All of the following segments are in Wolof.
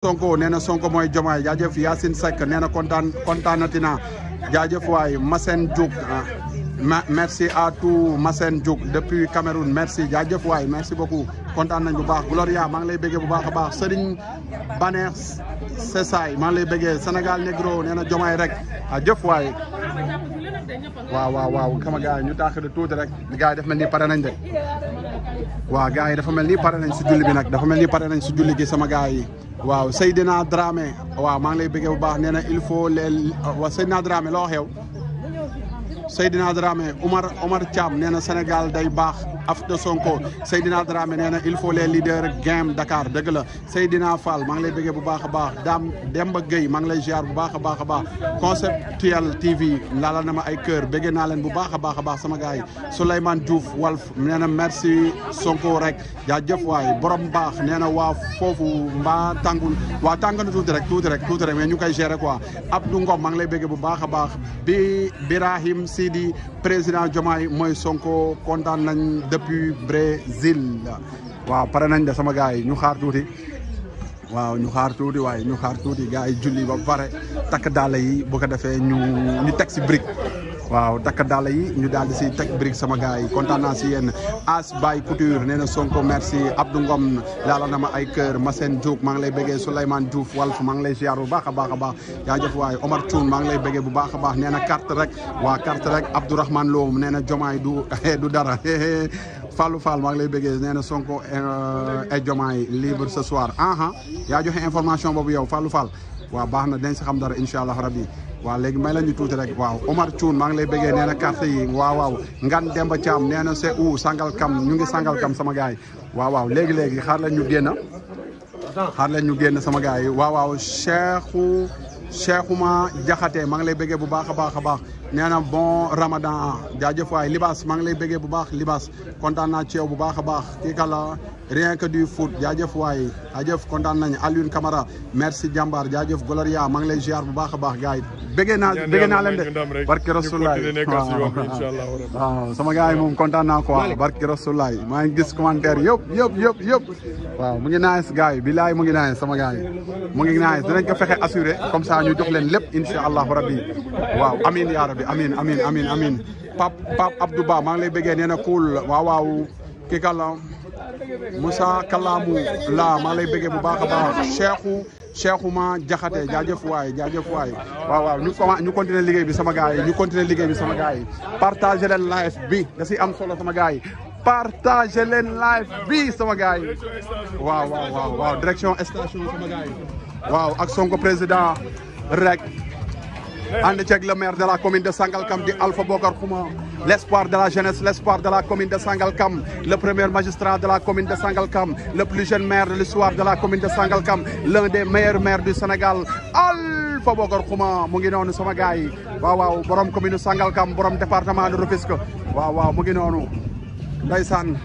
Sonko nee na Sonko mooy Jomaay jaajëf Yacine Seck nee na kontaan kontaanati naa jaajëf waay Massène Diouk ah. merci à tout masin Diouk depuis Cameroun merci jaajëf waay merci beaucoup kontaan nañ bu baax Gloria maa ngi lay bëggee bu baax a baax Serigne Baneex Sesaay maa ngi lay bëggee Sénégal Negro nee na Jomaay rek jëf waay waaw waaw waaw kama gars yi ñu taaxir tuuti rek gars yi dafa mel ni pare nañ de waaw gars yi dafa mel ni pare nañ si julli bi nag dafa mel ni pare nañ si julli gi sama gars yi waaw Seydina Dramé waaw maa ngi lay bëggee bu baax nee na il faut les wa Seydina Dramé loo xew Seydina Dramé Omar Omar Thiam nee na Sénégal day baax Afda Sonko Seydina Dramé nee na il faut les leaders game Dakar dëgg la Seydina Fall maa ngi lay bëggee bu baax a baax Dame Demba Gueye maa ngi lay bu baax a baax a baax Conceptuel TV laala na ma ay kër bëggee naa leen bu baax a baax a baax sama gars yi Souleymane Diouf Walf nee na merci Sonko rek yaa jaajëf waay borom baax nee na waa foofu mbaa tàngul waa tàng na tuuti rek tuuti rek tuuti rek ñu koy gérer ko Abdou Ngom maa ngi lay bëggee bu baax a baax si di président Diomaye mooy Sonko kontaan nañ depuis Brésil waaw pare nañ de sama gars yi ñu xaar tuuti. waaw ñu xaar tuuti waaye ñu xaar tuuti gaa yi julli ba pare takk dàll yi bu ko defee ñu ñu teg si brique waaw takk dàll yi ñu daal di si teg brique sama gars yi kontaan naa si yéen As Baye Couture nee na Sonko merci Abdou Ngom laala na ma ay kër Massène Diouf maa ngi lay bëggee Souleymane Diouf Walf maa ngi lay ziar bu baax a baax a baax jaajëf waaye Omar Thioune maa ngi lay bëggee bu baax a baax nee na carte rek waa carte rek Abdourahmane Lo nee na jomaay du du dara Fallou Fall maa ngi lay bëggee nee na Sonko et eh, eh, Diomaye libre ce soir aha ah, yaa joxe information boobu yow Fallou Fall waaw baax na dañ si xam dara incha allah rabi waaw léegi may la ñu tuuti rek waaw Omar Thioune maa ngi lay bëggee nee na carte yi waaw waaw Ngan Demba Thiam nee na u où Sangalkam ñu ngi Sangalkam sama gars waaw waaw léegi léegi xaar leen ñu génn xaar leen ñu génn sama gaay yi waaw waaw Cheikhou Cheikhuma Diakhaté maa ngi lay bëggee bu baax a baax a baax. nee na bon ramadan jaajëf waay libaas maa ngi lay bëggee bu baax libaas kontaan naa ci yow bu baax a baax kii kala rien que du foot jaajëf waay jaajëf kontaan nañu Alioune Camara merci jàmbaar jaajëf Gloria maa ngi lay ziar bu a baax gars yi bëggee naa bëggee naa leen de barki rasulaay sama gars moom kontaan naa quoi barki rasulaay maa ngi gis commentaire yëpp yëpp yëpp yëpp waaw mu ngi nice gars yi mu ngi nice sama gars yi mu ngi nice dinañ ko fexe assuré comme sa ñu jox leen lépp insha allahu rabbi waaw amin ya rabbi amin amin amin amin Pape Pape Abdou Ba maa ngi lay bëggee nee na cool waaw waaw kii Moussa Kalaamu la maa lay bëggee bu baax a baax Cheikhou ma Jaxate jaajëf waay jaajëf waay waaw waaw ñu commencé ñu continuer liggéey bi sama gars yi ñu continuer liggéey bi sama gars yi bi da si am solo sama gars yi partagé bi sama gars yi waaw waaw waaw direction station waaw ak Sonko président rek ànd ceeg le maire de la commune de Sangalkam di Alpha Bokar Xuma l'espoir de la jeunesse l'espoir de la commune de Sangalkam le premier magistrat de la commune de Sangalkam le plus jeune maire de l'histoire de la commune de Sangalkam l'un des meilleurs maires du Sénégal Alpha Bokar Xuma mu ngi noonu sama gars yi waaw waaw borom commune Sangalkam borom département de Rufisque waaw waaw mu ngi noonu ndeysaan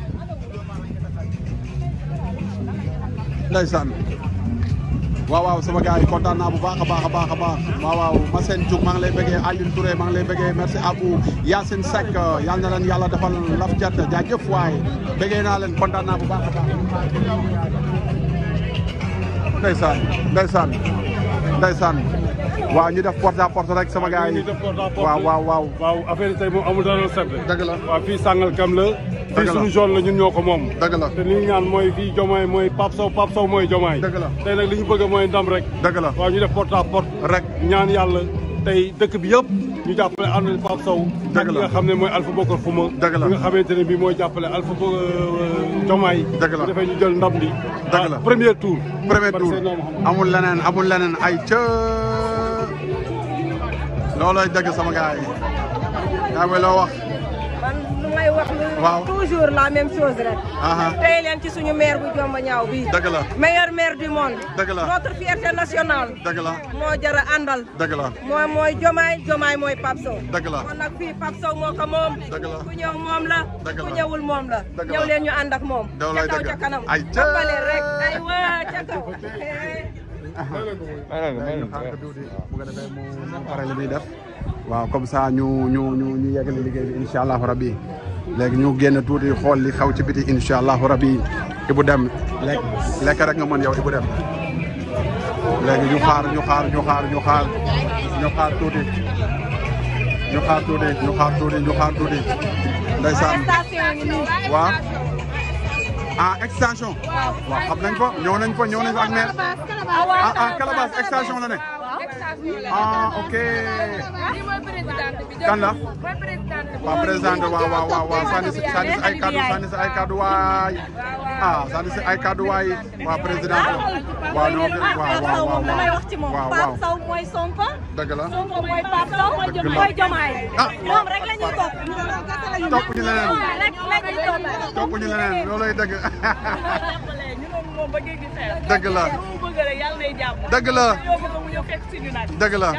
ndeysaan waaw waaw sama gars yi kontaan naa bu baax a baax a baax a baax waaw waaw Massène Diouf maa ngi lay bëggee Alioune Touré maa ngi lay bëggee merci à vous Yacine Seck yal na leen yàlla defal laf jat jaajëf waaye bëggee naa leen kontaan naa bu baax a baax ndeysaan ndeysaan ndeysaan waaw ñu def porte à porte rek sama gars yi waaw waaw waaw waaw affaire yi tey moom amul dara simple dëgg la waaw fii Sangalkam la fii suñu zone la ñun ñoo ko moom dëgg la te li ñu ñaan mooy fii jomaay mooy Pape Sow Pape Sow mooy jomaay dëgg la tey nag li ñu bëgg mooy ndam rek dëgg la waaw ñu def porte à porte rek ñaan yàlla tey dëkk bi yëpp ñu jàppale ànd ak Pape Sow dëgg la nga xam ne mooy Alpha Bokar Xuma dëgg la nga xamante ne bii mooy jàppale Alpha Bo jomaay euh, dëgg la dafay ñu jël ndam li dëgg la premier tour premier tour amul leneen amul leneen ay ca loolooy dëgg sama gars yi daa loo wax may wax lu toujours la même chose rek tey leen bi dëgg la meilleur maire du monde notre fierté nationale moo jara àndal dëgg mooy mooy jomaay jomaay mooy Pape Sow dëgg la kon nag fii moom dëgg la ku ñëw moom la ku ñëwul moom la ñëw leen ñu ànd moom ca kaw ca kanam rek ay waa ca kaw maa ngi leen di waaw comme ça ñu ñu ñu ñu yeggali liggéey bi incha allahu rabi léegi ñu génn tuuti xool li xaw ci biti incha allahu rabi Ibou Deme lekk lekk rek nga mën yow Ibou Deme léegi ñu xaar ñu xaar ñu xaar ñu xaar ñu xaar tuuti ñu xaar tuuti ñu xaar tuuti ñu xaar tuuti waaw ah xam nañ ko ñëw nañ ko ñëw nañ ko ak maire ah, ah, la ne ah ok. kan la. waaw présidente waaw waaw waaw waaw sànni si ay kaddu sànni si ay kaddu waay. ah sànni si ay kaddu waay waaw présidente waaw non waaw waaw waaw waaw waaw. dëgg la. dëgg la moom ah, rek la ñuy topp. topp ñu leneen. Ah, topp ñu leneen loolay dëgg. dëgg la. dëgg la dëgg la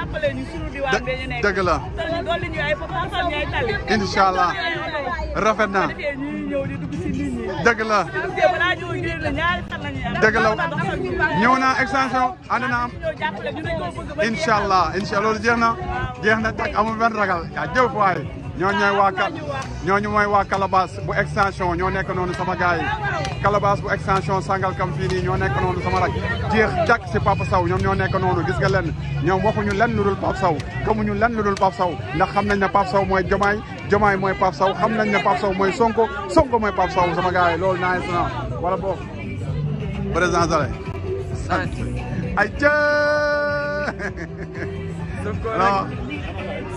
dëgg la incha allah rafet na dëgg la dëgg la ñëw naa extension ànd naa am incha allah incha allah loolu jeex na jeex na tàkk amul benn ragal yaa jëf waay ñooñu ñooy waa kal ñooñu mooy waa Calabas bu extension ñoo nekk noonu sama gars yi Calabas bu extension Sangalkam fii nii ñoo nekk noonu sama rak jeex jàkk si Papa ñoom ñoo nekk noonu gis nga leen ñoom waxuñu lenn lu dul Papa lan gëmuñu lenn lu dul Papa Sow ndax xam nañ ne Papa Sow mooy Jomaay Jomaay mooy Papa Sow xam nañ ne Papa mooy Sonko Sonko mooy Papa Sow sama gars yi loolu naa yees na wala boog président Sall. sant ay jë.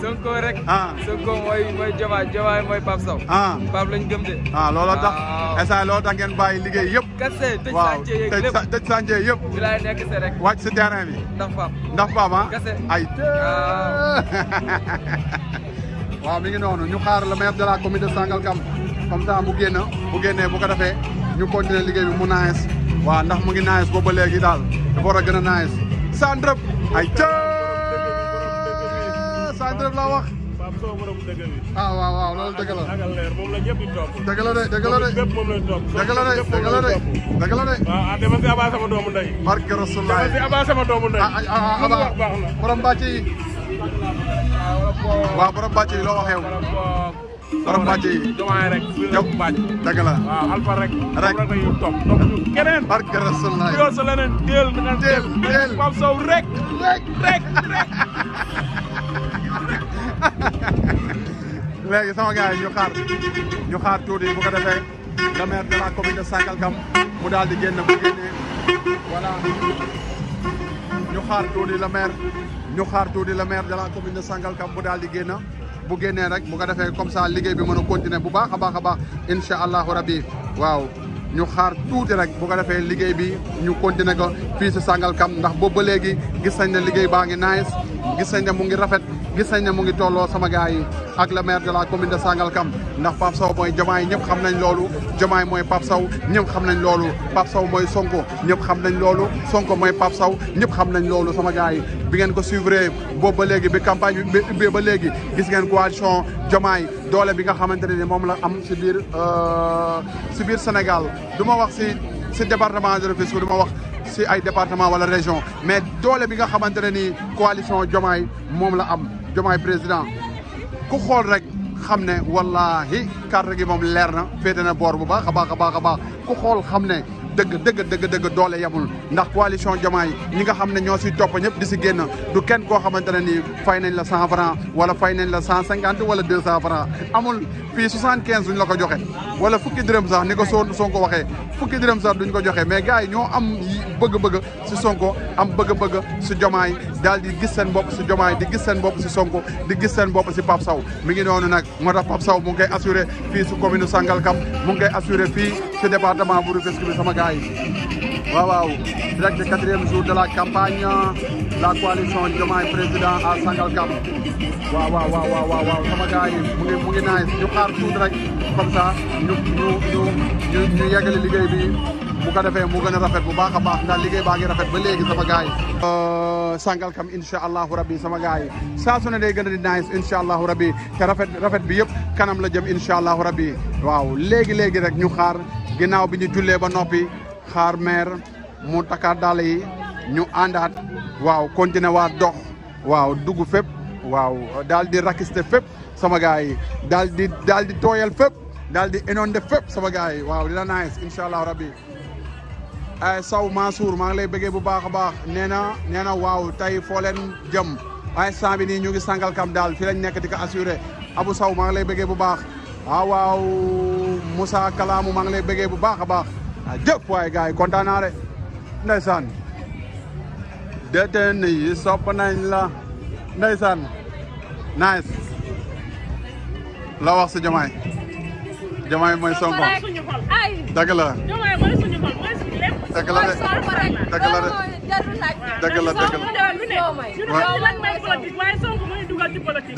Sonko rek. ah Sonko mooy mooy Diomaye mooy Pape Sow. ah Pape lañ gëm de. ah looloo tax instant looloo tax ngeen liggéey yëpp. kese tëj sànce yeeg lépp waaw yëpp. bi laay si rek. wàcc si terrain bi. ndax Pape ndax Pape ah? ay. Ah. waaw mi ngi noonu ñu xaar le maire de la commune de Sangalkam comme ça mu génn bu génnee bu ko defee ñu continuer liggéey bi mu naajes waaw ndax mu ngi naajes boobu ba léegi daal dafa war a gën a ay ca. dëgg laa wax. Pape Sow borom dëgg bi. ah waaw waaw loolu dëgg la. ak leer moom la ñëpp di topp. dëgg la de dëgg la de bépp moom lañ topp. dëgg la de dëgg la de dëgg la de. waaw ah demal si Aba sama doomu ndey. barke Rasulaay demal si Aba sama doomu ndey. ah ah Aba ah, borom bàcc yi. waaw borom bàcc yi loo waxee wu. borom bàcc yi. jomaay rek. yëpp bàcc dëgg la. waaw alfa rek. rek moom la ñuy topp topp ñu keneen. barke Rasulaay. yow sa leneen teel. teel teel Pape Sow rek. rek rek rek. léegi sama gars yi ñu xaar ñu xaar tuuti bu ko defee le maire de la commune mu daal di génn bu génnee ñu xaar tuuti le maire ñu xaar tuuti le maire de la commune de Sangalkam daal di génn bu génnee rek bu ko defee comme ça liggéey bi mën a continuer bu baax a baax a baax incha allahu rabi waaw ñu xaar tuuti rek bu ko defee liggéey bi ñu continuer ko fii si Sangalkam ndax boobu ba léegi gis nañ ne liggéey baa ngi nice gis nañ ne mu ngi rafet gis nañ ne mu ngi tolloo sama gars yi ak le maire de la commune de Sangalkam ndax Pape Sow mooy Diomaye ñëpp xam nañ loolu Diomaye mooy Pape Sow ñëpp xam nañ loolu Pape Sow mooy Sonko ñëpp xam nañ loolu Sonko mooy Pape Sow ñëpp xam nañ loolu sama gars yi bi ngeen ko suivre boobu ba léegi bi campagne bi ubbee ba léegi gis ngeen coalition Diomaye doole bi nga xamante ne ni moom la am si biir si euh, biir Sénégal du wax si si département de Rufisque du ma wax si ay département wala région mais doole bi nga xamante ne nii coalition Jomaay moom la am Jomaay président ku xool rek xam ne wallahi carte gi moom leer na féete na boor bu baax a baax a baax a baax ku xool xam ne dëgg dëgg dëgg dëgg doole yamul ndax coalition Diomaye ñi nga xam ne ñoo siy topp ñëpp di si génn du kenn koo xamante ne nii fay nañ la cent franc wala fay nañ la cent cinquante wala deux cent franc amul fii soixante quinze duñ la ko joxe wala fukki dërëm sax ni ko son Sonko waxee fukki dërëm sax duñ ko joxe mais gars yi ñoo am bëgg-bëgg si Sonko am bëgg-bëgg si Diomaye daal di gis seen bopp si Jomaay di gis bopp si Sonko di gis seen bopp si Pape Sow mi ngi noonu nag moo tax Pape Sow mu ngi koy assuré fii si commune Sangalkam mu ngi koy assuré fii si département bu Rufisque bi sama gars yi direct quatrième jour de la campagne la coalition Diomaye président à Sangalkam waaw waaw waaw waaw waaw sama gars yi mu ngi mu ngi naaj ñu xaar tuuti rek comme ça ñu ñu ñu ñu ñu yeggali liggéey bi bu ko defee mu gën a rafet bu baax a baax ndax liggéey baa ngi rafet ba léegi sama gars yi. Euh, welcome incha allahu rabbi sama gars yi saa su day gën a di nice incha allahu rabbi te rafet rafet bi yëpp kanam la jëm incha allahu rabbi waaw léegi léegi rek ñu xaar ginnaaw bi ñu jullee ba noppi xaar maire mu takkaat daal yi ñu àndaat waaw continuer waa dox waaw dugg fépp waaw daal di rakiste fépp sama gars yi daal di daal di tooyal fépp daal di inondé fépp sama gars yi waaw dina nice incha allahu rabbi ay Sow Mansour maa lay bëggee bu baax a baax nee na nee na waaw tey foo leen jëm ay sant bi nii ñu ngi sangal kam daal fi lañ nekk di ko assuré Abou Sow maa lay bëggee bu baax ah waaw Moussa Kalamu maa lay bëggee bu baax a baax ah jëf waaye gars yi kontaan naa de ndeysaan détenu yi sopp nañ la la wax si Diomaye Diomaye mooy Sonko dëgg la dëgg la de dëgg la de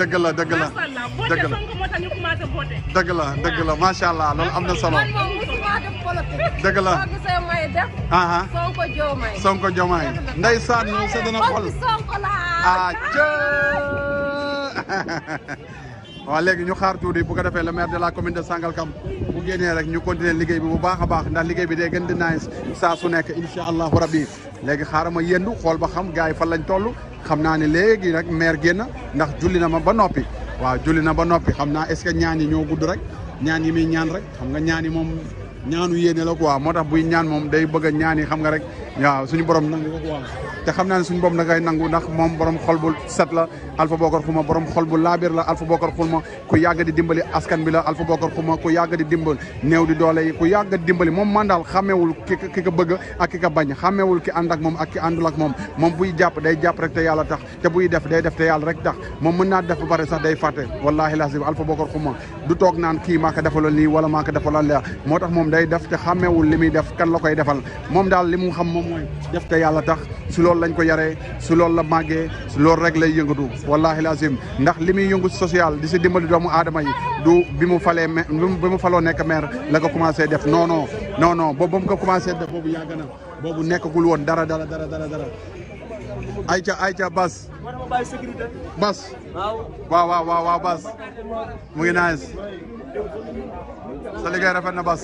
dëgg la dëgg la dëgg la dëgg la dëgg la dëgg macha allah loolu am na solo dëgg la ah Sonko Diomaye ndeysaan waaw léegi ñu xaar tuuti bu ko defee le maire de la commune de Sangalkam bu génnee rek ñu continuer liggéey bi bu baax a baax ndax liggéey bi day gën di nice saa su nekk incha allahu rabbi léegi xaaral ma yendu xool ba xam gars yi fan lañ toll xam naani ne léegi rek maire génn ndax julli na ma ba noppi waaw julli na ba noppi xam naa est-ce que ñaan yi ñoo gudd rek ñaan yi muy ñaan rek xam nga ñaan yi moom ñaanu yéene la quoi moo tax buy ñaan moom day bëgg a ñaan yi xam nga rek wa suñu borom nangu ko waaw te xam naa ne suñu borom da ngay nangu ndax borom xol bu set la Alpha Bokar Xuma borom xol bu laabir la Alpha Bokar Xuma ku yàgg di dimbali askan bi la Alpha Bokar Xuma ku yàgg di dimbali néew di doole yi ku yàgg di dimbali moom man daal xàmmewul ki ki ko bëgg ak ki ko bañ xàmmewul ki ànd ak moom ak ki àndul ak moom moom buy jàpp day jàpp rek te yàlla tax te buy def day def te yàlla rek tax moom mën naa def ba pare sax day fàtte wallaahi laas bi Alpha Bokar Xuma du toog naan kii maa ko defaloon nii wala maa ko defaloon laa moo tax moom day def te xàmmewul li muy def kan la koy defal moom mooy def te yàlla tax si loolu lañ ko yaree si loolu la màggee si loolu rek lay yëngatu wallahi lazim ndax li muy yëngu social di si dimbali doomu aadama yi du bi mu falee bi mu faloo nekk maire la ko commencé def non noonoo non non boobu ba mu ko commencé def boobu yàgg na boobu nekkagul woon dara dara dara dara dara ayca ayca Bas Bas waaw waaw waaw Bas mu ngi sa liggéey rafet na Bas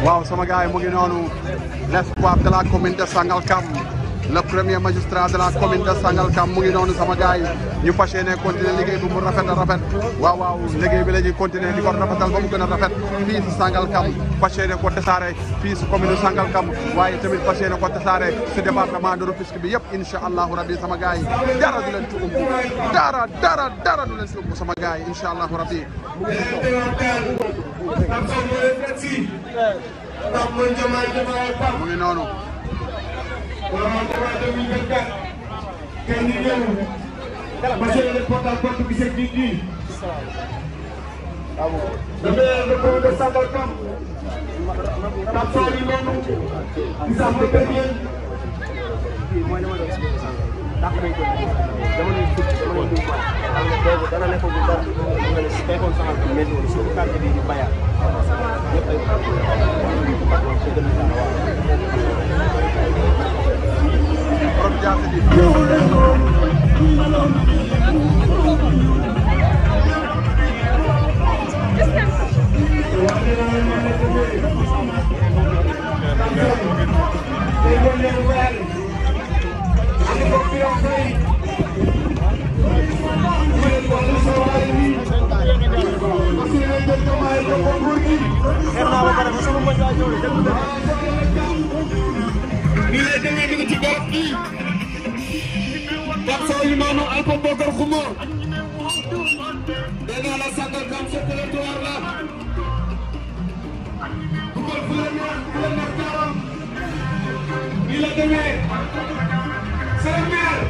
waaw sama gars yi mu ngi noonu l'espoir de la commune de Sangalkam le premier magistrat de la commune de Sangalkam mu ngi noonu sama gars yi ñu fas yéene continuer liggéey bi mu rafet a rafet waaw waaw liggéey bi la ñuy continuer di ko rafetal ba mu gën a rafet fii si Sangalkam fas yéene ko tasaare fii si commune Sangalkam waaye tamit fas yéene ko tasaare si département de Rufisque bi yëpp incha allahu rabbi sama gars yi dara du leen ci umbu dara dara dara du leen ci umbu sama gars yi incha allahu rabbi mu ngi noonu Corona 2024 kenn ñëw monsieur le porte-à-porte bi seen nit ñi. le maire de commune de Sangalkam Pape Sall yi noonu Issa Mbaye Pellien. dana borom jaasi ji Mira, tengo ɗi kam so imama alko bogor xumo ɗenala sangal kam sokole to warla dugol fulane fulane taram ila deme sere maire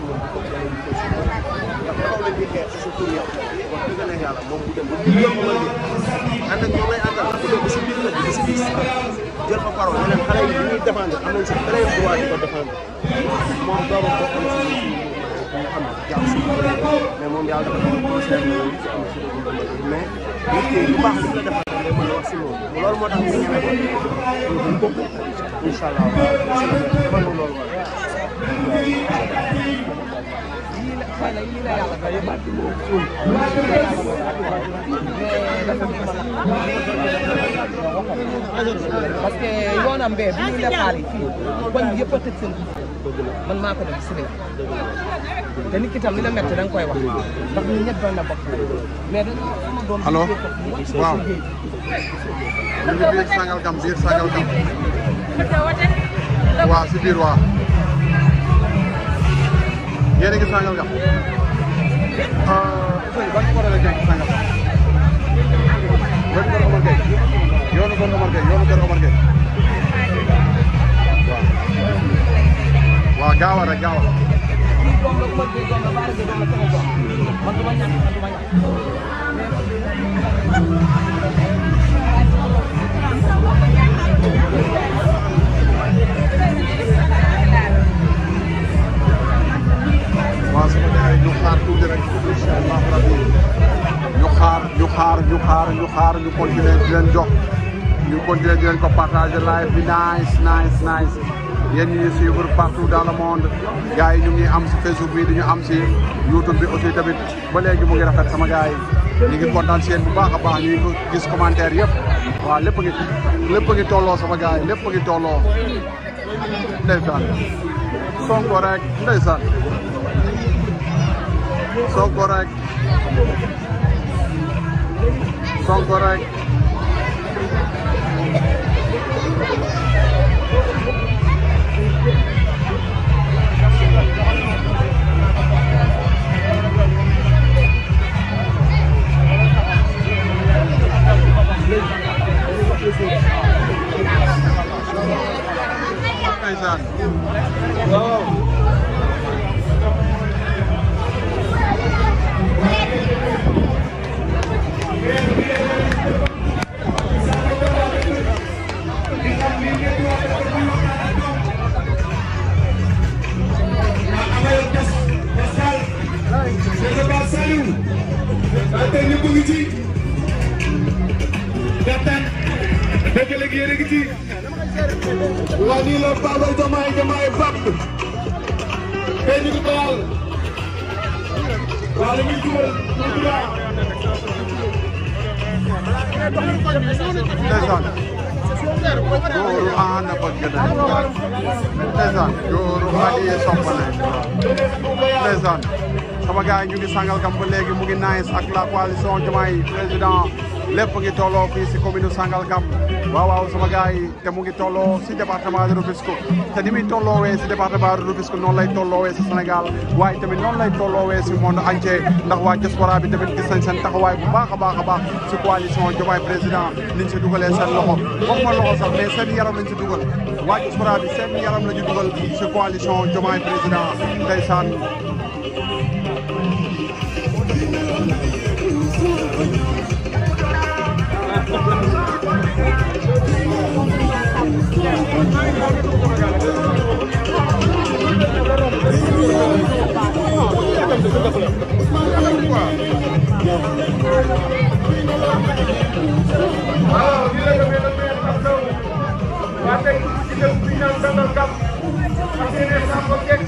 si woon ko ci yeneen ko ndax bi xeex surtout yow wax dëgg ne yàlla moom bu dem ba mu yomb a liggéey ànd ak ñoom lay àndal bu dee su biir la di su biir jël fa parole yeneen xale yi ñuy défendre am nañ sa plein droit di ko défendre moom doomam bokk na si ñu xam jàpp si mais moom yàlla dafa am conseil yi ci am si mais nit ki lu baax li ko defal day mën a wax si moom loolu moo tax ñu ñeme ko bokk incha allah loolu parce que yoonam bee bu ñu lefaal yi fii koñ yëpp a tëj seen man maa ko def si te nit ki tam li la métti da nga koy wax ndax ñu ñett doon na bokk mais da sama doom waaw ñu ngi yéen a ngi Sangalkam ban kóolóor la ñu nekk Sangalkam yoonu kër Omar Gueye yoonu kër Omar Gueye yoonu kër Omar Gueye waaw waaw gaawal rek gaawal. Thank you. waaw sama gars yi ñu xaar tuuti rek incha allah rabbi ñu xaar ñu xaar ñu xaar ñu xaar ñu continuer di leen jox ñu continuer di leen ko partager live bi nice nice nice yéen ñi ñuy suivre partout dans le monde gars yi ñu ngi am si Facebook bi di ñu am si YouTube bi aussi tamit ba léegi mu ngi rafet sama gars yi ñu ngi kontaan si yéen bu baax a baax ñu ngi gis commentaire yëpp waaw lépp ngi lépp ngi tolloo sama gars yi lépp ngi tolloo ndeysaan sonko rek ndeysaan Sonko rek Sonko rek Ndeysaan waaw gisee ñëpp ngi ci gàttal dëgg la yéen a ngi ci waa nii la Babaye Diomaye Diomaye Pape tey ñu ngi ko yàlla waa li muy dugal muy dugal Goro ana bagada ndeysaan Goro ali soppane ndeysaan sama gars yi ñu ngi Sangalkam ba léegi mu ngi nice ak la coalition Diomaye président lépp ngi tolloo fii si commune Sangalkam waaw waaw sama gars yi te mu ngi tolloo si département de Rufisque te ni muy tolloowee si département de Rufisque noonu lay tolloowee si Sénégal waaye tamit noonu lay tolloowee si monde entier ndax waa diaspora bi tamit gis nañ seen taxawaay bu baax a baax a baax si coalition Diomaye président niñ si dugalee seen loxo wax ma loxo sax mais seen yaram lañ si dugal waa diaspora bi seen yaram la ñu dugal si coalition Diomaye président ndeysaan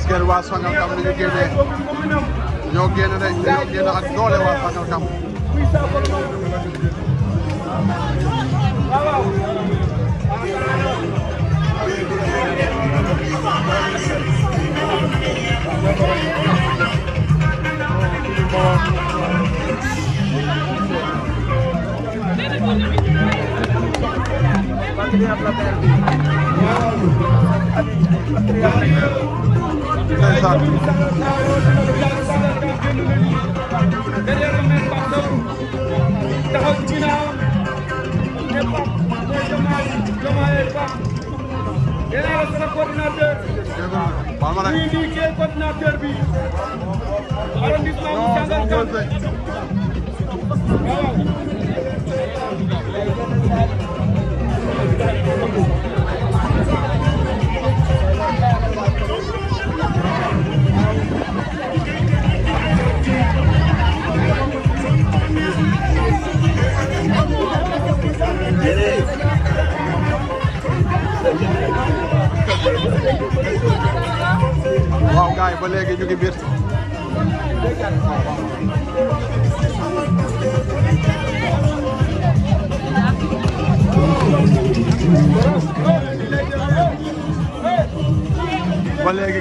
génn waa Sangalkam ni ñu génnee ñoo génn nañ ñoo génn ak doole waa Sangalkam Derrière le maire Pardon, Tahoutina, et PAM mooy Diomaye Diomaye PAM. yéen a ngi rafetlu coordinateur. muy nii kii coordinateur bi. arrondissement bu Diangal Kan. waaw. gaay ba léegi ñu ngi biir ba léegi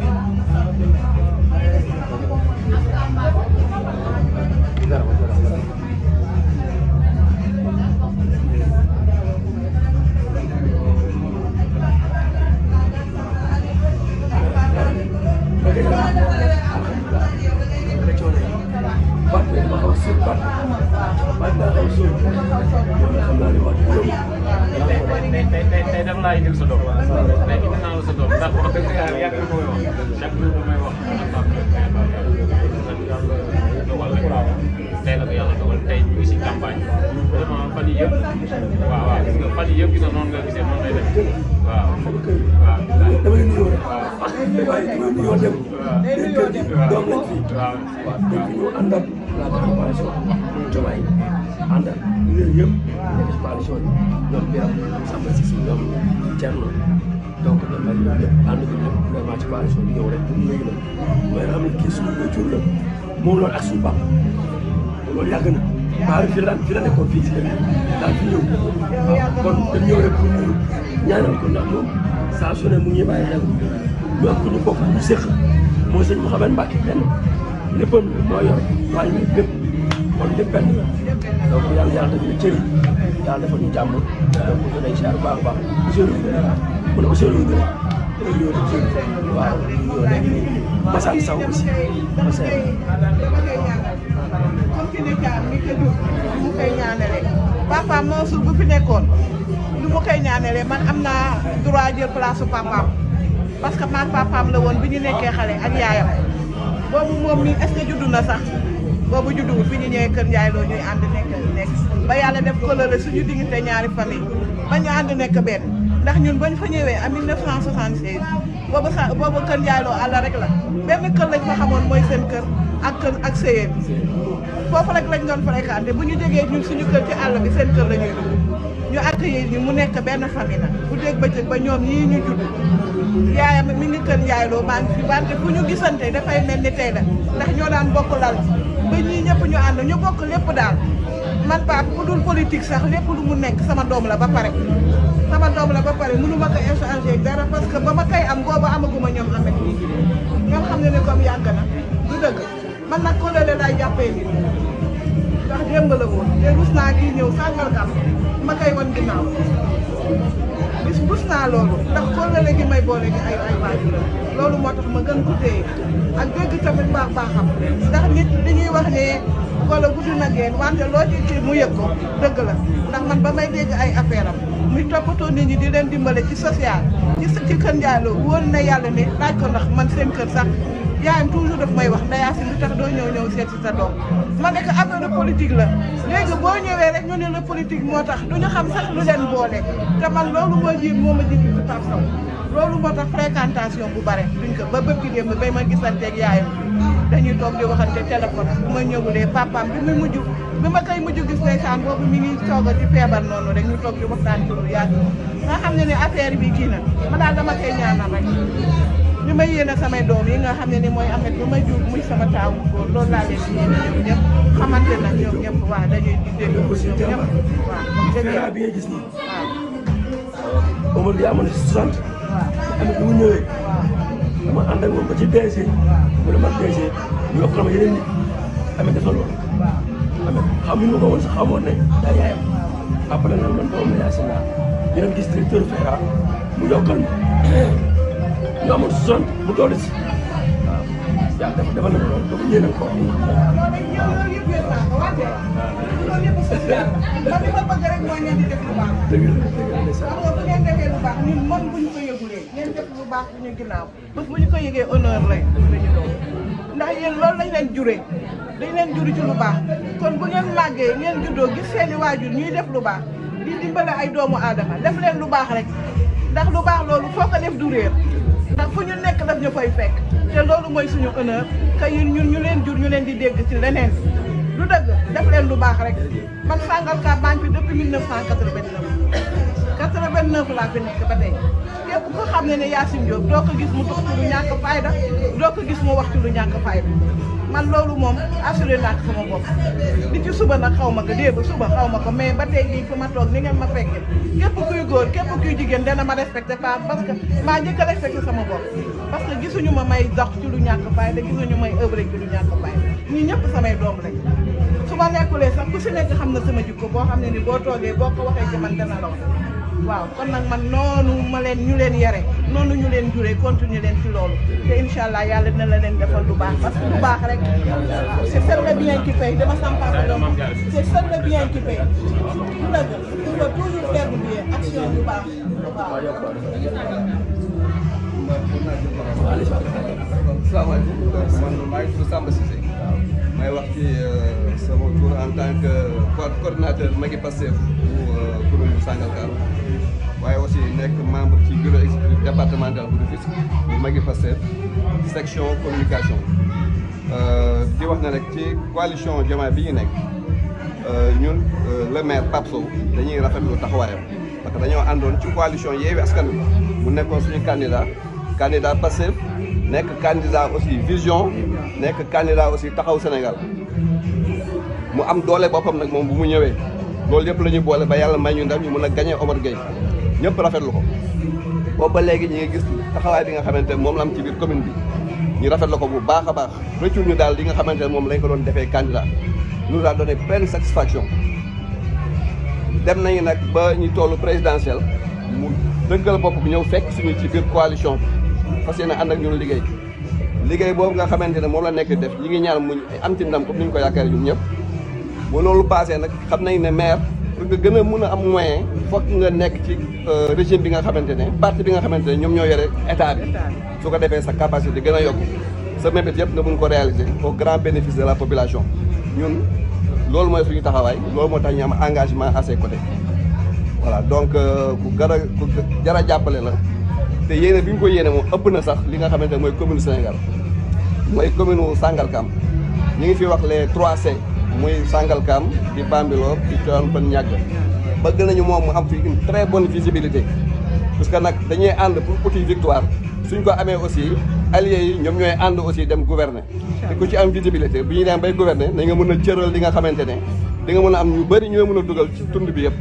Fatick Fatick laa xaw a sori loolu xam naa ne wax dëgg yow. tey tey tey tey dama laa indil sa doom. waaw waaw tey indi naa la sa doom ndax wax dëgg yàlla yàgg na koy wax chaque jour damay wax ak Pape tey la ko yàlla dogal tey ñu ngi si campagne vraiment fan yii yëpp waaw waaw gis nga fan yii yëpp gis nga noonu nga gisee noonu lay def waaw. waaw damay nuyoo rek. waaw waaw damay nuyoo dem. waaw waaw waaw waaw plateau de coalition Diomaye àndal ñun ñëpp nekk ci coalition bi ñoom Birame ñoom Samba Cissé ñoom Thierno donc ñoom ak ñoom ñëpp ànd ko ñëpp vraiment ci coalition bi ñëw rek pour ñu la mooy xam ne kii suñu ko jur la moom loolu ak suñu bàpp na waaw fii la fii la nekkoon fii ci dëkk daal fi ñëw kon dañ ñëw rek pour ñu ñaanal ko ndax mu ngi bàyyi xel ñu ak ñu bokk ñu séq mooy sëñ Mouhamed léppam moo yor waaye ñun lépp kon lépp benn la donc yàlla yàlla ñu jàmm donc ñu baax a baax Ousseynou mu ne Ousseynou gën a yóbbu Ousseynou waaw yow léegi nii Massane Sow bu fi nekkoon lu mu koy ñaanalee man am naa droit jël place su papaam parce que man papaam la woon bi ñu nekkee xale ak yaayam boobu moom mi est-ce que juddu na sax boobu judduwul fi ñu ñëwee kër Ndiaye loo ñuy ànd nekk nekk ba yàlla def coloré suñu diggante ñaari famille ba ñu ànd nekk benn ndax ñun bañ fa ñëwee en 1976 boobu sa boobu kër Ndiaye loo àll rek la benn kër lañ fa xamoon mooy seen kër ak kër ak séyeen foofu rek lañ doon fréquenté bu ñu jógee ñun suñu kër ci àll bi seen kër la ñuy dugg ñu accueillir ñu mu nekk benn famille nag bu dégg ba ñoom ñii ñu judd yaayam mi ngi kër Ndiaye Lo maa ngi fi wante fu ñu gisante dafay mel ni tey la ndax ñoo daan bokk lal ba ñii ñëpp ñu ànd ñu bokk lépp daal man pap bu dul politique sax lépp lu mu nekk sama doom la ba pare sama doom la ba pare mënu ma ko échanger dara parce que ba ma koy am booba amaguma ñoom amet yi ñoom xam ne ne comme yàgg na du dëgg man nag kóllëre laay jàppee nit ndax démb la woon te rus naa kii ñëw sàngalkam ma koy wan ginnaaw bis rus naa loolu ndax kóllëre gi may boole gi ay ay waajur loolu moo tax ma gën ko téye ak dégg tamit baax baaxam ndax nit li ñuy wax ne golo gudd na geen wante ci mu yëg ko dëgg la ndax man ba may dégg ay affaire am muy toppatoo nit ñi di leen dimbale ci social ci ci kër njaaloo wóor na yàlla ne laaj ko ndax man seen kër sax yaayam toujours daf may wax Ndeye Asine tax doo ñëw ñëw seet sa doom ma nekk affaire politique la léegi boo ñëwee rek ñu ne na politique moo tax du ñu xam sax lu leen boole te man loolu moo ji moo ma jiitu loolu moo tax fréquentation bu bare duñ ko ba bëgg démb bay ma gisanteeg yaayam dañuy toog di waxante téléphone bu ma ñëwulee papaam bi mu mujj bi ma koy mujj gis ndeysaan boobu mi ngi toog di feebar noonu rek ñu toog di waxtaan ci lu yàgg nga xam ne ne affaire bi kii na ma daal dama koy ñaanal rek ñu may yéene samay doom yi nga xam ne ni mooy amet bu may jur muy sama taawu góor loolu laa leen di yéene ñoom ñëpp xamante nag ñoom ñëpp waaw dañuy di dégg ñoom amoon na si 60 waaw ci DG mu ne ma DG ñu wax ma yeneen ko xamoon ne na yaayam après yaay sama ñu dem gis directeur mu yokkal nga amoon si zone mu doole si waaw yàlla dafa la ñu ko yëgulee ngeen def bu baax bu ñu honneur rek ndax yéen loolu lañ leen juree dañ leen juri ci lu baax kon bu ngeen màggee ngeen juddoo gis seeni waajur ñuy def lu baax di dimbale ay doomu aadama def leen lu baax rek ndax lu baax loolu foo ko def du réer ndax fu ñu nekk daf ñu fay fekk te loolu mooy suñu honneur que ñun ñu ñu leen jur ñu leen di dégg ci leneen lu dëgg def leen lu baax rek man Sangalkam maa ngi fi depuis 1989 89 laa fi nekk ba tey képp ko xam ne ne Yacine Diop doo ko gis mu dox ci lu ñàkk fayda doo ko gis mu wax ci lu ñàkk fayda man loolu moom assuré naa ko sama bopp di ci suba nag xaw ma ko démb suba xaw ma ko mais ba tey jii fi ma toog ni ngeen ma fekke képp kuy góor képp kuy jigéen dana ma respecté pas parce que maa njëkk a sama bopp parce que gisuñu ma may dox ci lu ñàkk fay da gisuñu may œuvre ci lu ñàkk fay ñi ñëpp samay doom lañ su ma nekkulee sax ku si nekk xam na sama jikko boo xam ne ni boo toogee boo ko waxee ci na dana waaw kon nag man noonu ma leen ñu leen yare noonu ñu leen juree continuer leen ci loolu te incha yàlla dina la leen defal lu baax parce que lu baax rek waaw c'est seul le bien qui paye dama sama papa doom c'est seul waaw may wax ci euh, sama tour en tant que coordonnateur Magui Pastef pour euh, kuréel bu Sangalkam waaye aussi nekk membre ci bureau exécutif départemental bu Rufisque bu Magui Pastef section communication euh, di wax na rek ci coalition Diomaye bi ñu nekk ñun le maire Pape Sow dañuy rafetlu taxawaayam parce que dañoo àndoon ci coalition Yewwi Askan Wi mu nekkoon suñu candidat candidat Pastef nekk candidat aussi vision nekk candidat aussi taxaw Sénégal mu am doole boppam nag moom bu mu ñëwee loolu yëpp la ñuy boole ba yàlla may ñu ndam ñu mën a gagné Omar Gueye ñëpp rafetlu ko boobu ba léegi ñi ngi gis taxawaay bi nga xamante moom am ci commune bi ñu rafetlu ko bu baax a baax rëccul ñu daal li nga xamante ne moom lañ ko doon defee candidat nous a donné pleine satisfaction dem nañu nag ba ñu tollu présidentiel mu dëggal bopp bu ñëw fekk suñu ci biir coalition bi fas yéene ànd ak ñun liggéey liggéey boobu nga xamante ne moom la nekk def ñi ngi ñaan muñ am ci ndam comme ñu ko yaakaar ñun ñëpp bu loolu passé nag xam nañ ne maire pour nga gën a mun a am moyen foog nga nekk ci euh, régime bi nga xamante ne parti bi nga xamante ne ñoom ñoo yore état bi su ko defee sa capacité gën a yokk sa mébét yëpp nga mun ko réaliser au grand bénéfice de la population ñun loolu mooy suñu taxawaay loolu moo tax ñu am engagement asse ses côtés voilà donc euh, ku gara ku jara jàppale la te yéene bi ñu ko yéene moom ëpp na sax li nga xamante ne mooy commune Sénégal mooy commune Sangalkam ñu ngi fi wax les 3C muy Sangalkam di Bambilor di Tivaouane Peulh Niaga bëgg nañu moom mu am fi une très bonne visibilité parce que nag dañuy ànd pour uti victoire suñ ko amee aussi alliés ñoom ñooy ànd aussi dem gouverner te ku ci am visibilité bu ñuy dem bay gouverner nañ nga mën a cëral li nga xamante ne di nga mën a am ñu bëri ñoo mën a dugal ci tund bi yëpp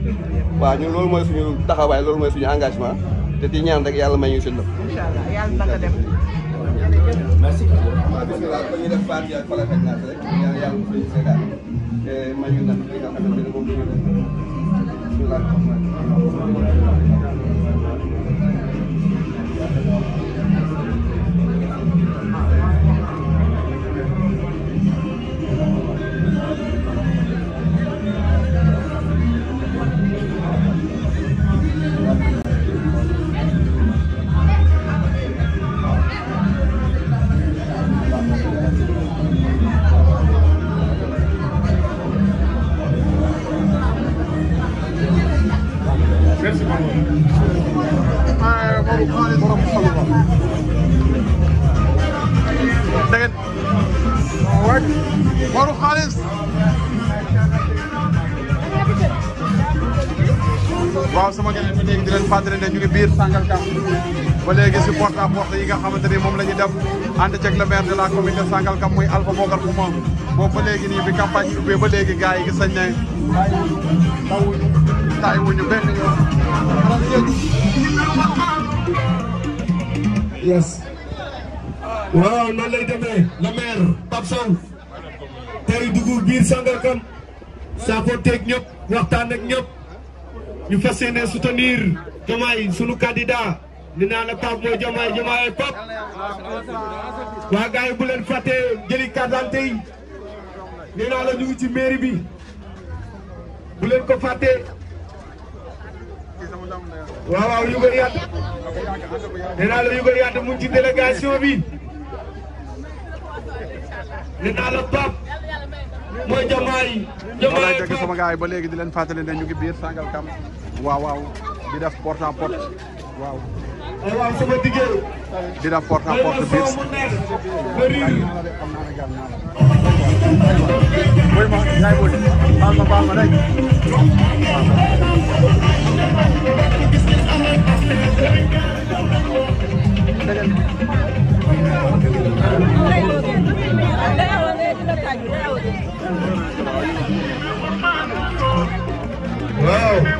waaw ñun loolu mooy suñu taxawaay loolu mooy suñu engagement te di ñaan rek yàlla may ñu si ndox. incha allah na ko def. merci. waaw def Fatou ak Fala Fekk naas rek ñaan yàlla mu fay seetaan te eh, may ñu nag li nga Sangalkam ba léegi si xamante ni moom la ñu def ànd ceeg le maire de la commune de Sangalkam muy Alpha Bokar Ouma ba léegi gis ne tawuñu tayyiwuñu benn yoon. yes. waaw noonu lay demee le maire Pape saa foo teeg ñëpp waxtaan ñu fas yéene Diomaye sunu candidat ni naa la Pape mooy Diomaye Diomaye Pape waa gars yi bu leen fàtte jëli carte yi ni naa la ñu ngi ci mairie bi bu leen ko fàtte waaw waaw yu bëri yàtt nee naa la yu bëri yàtt mu bi nee naa la Pape mooy Diomaye Diomaye ba léegi di leen fàttali ne ñu ngi biir Sangalkam waaw waaw di def porte à porte waaw. waaw sama diggéey. di def porte à porte biir. mooy ma yaay booy baal ma baal ma rek. waaw.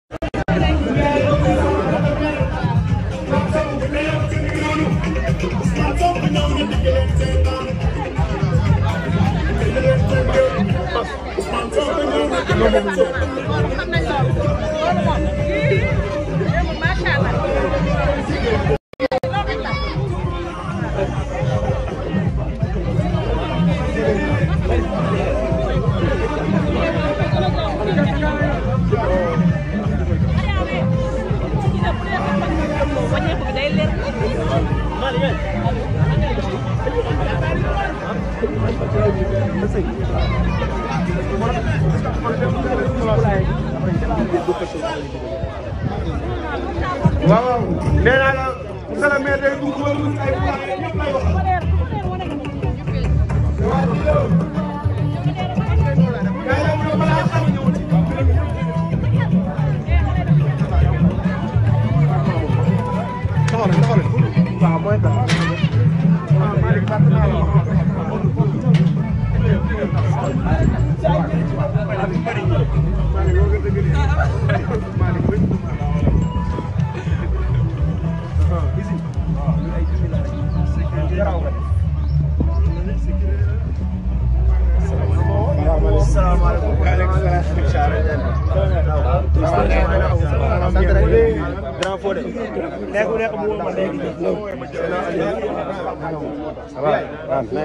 en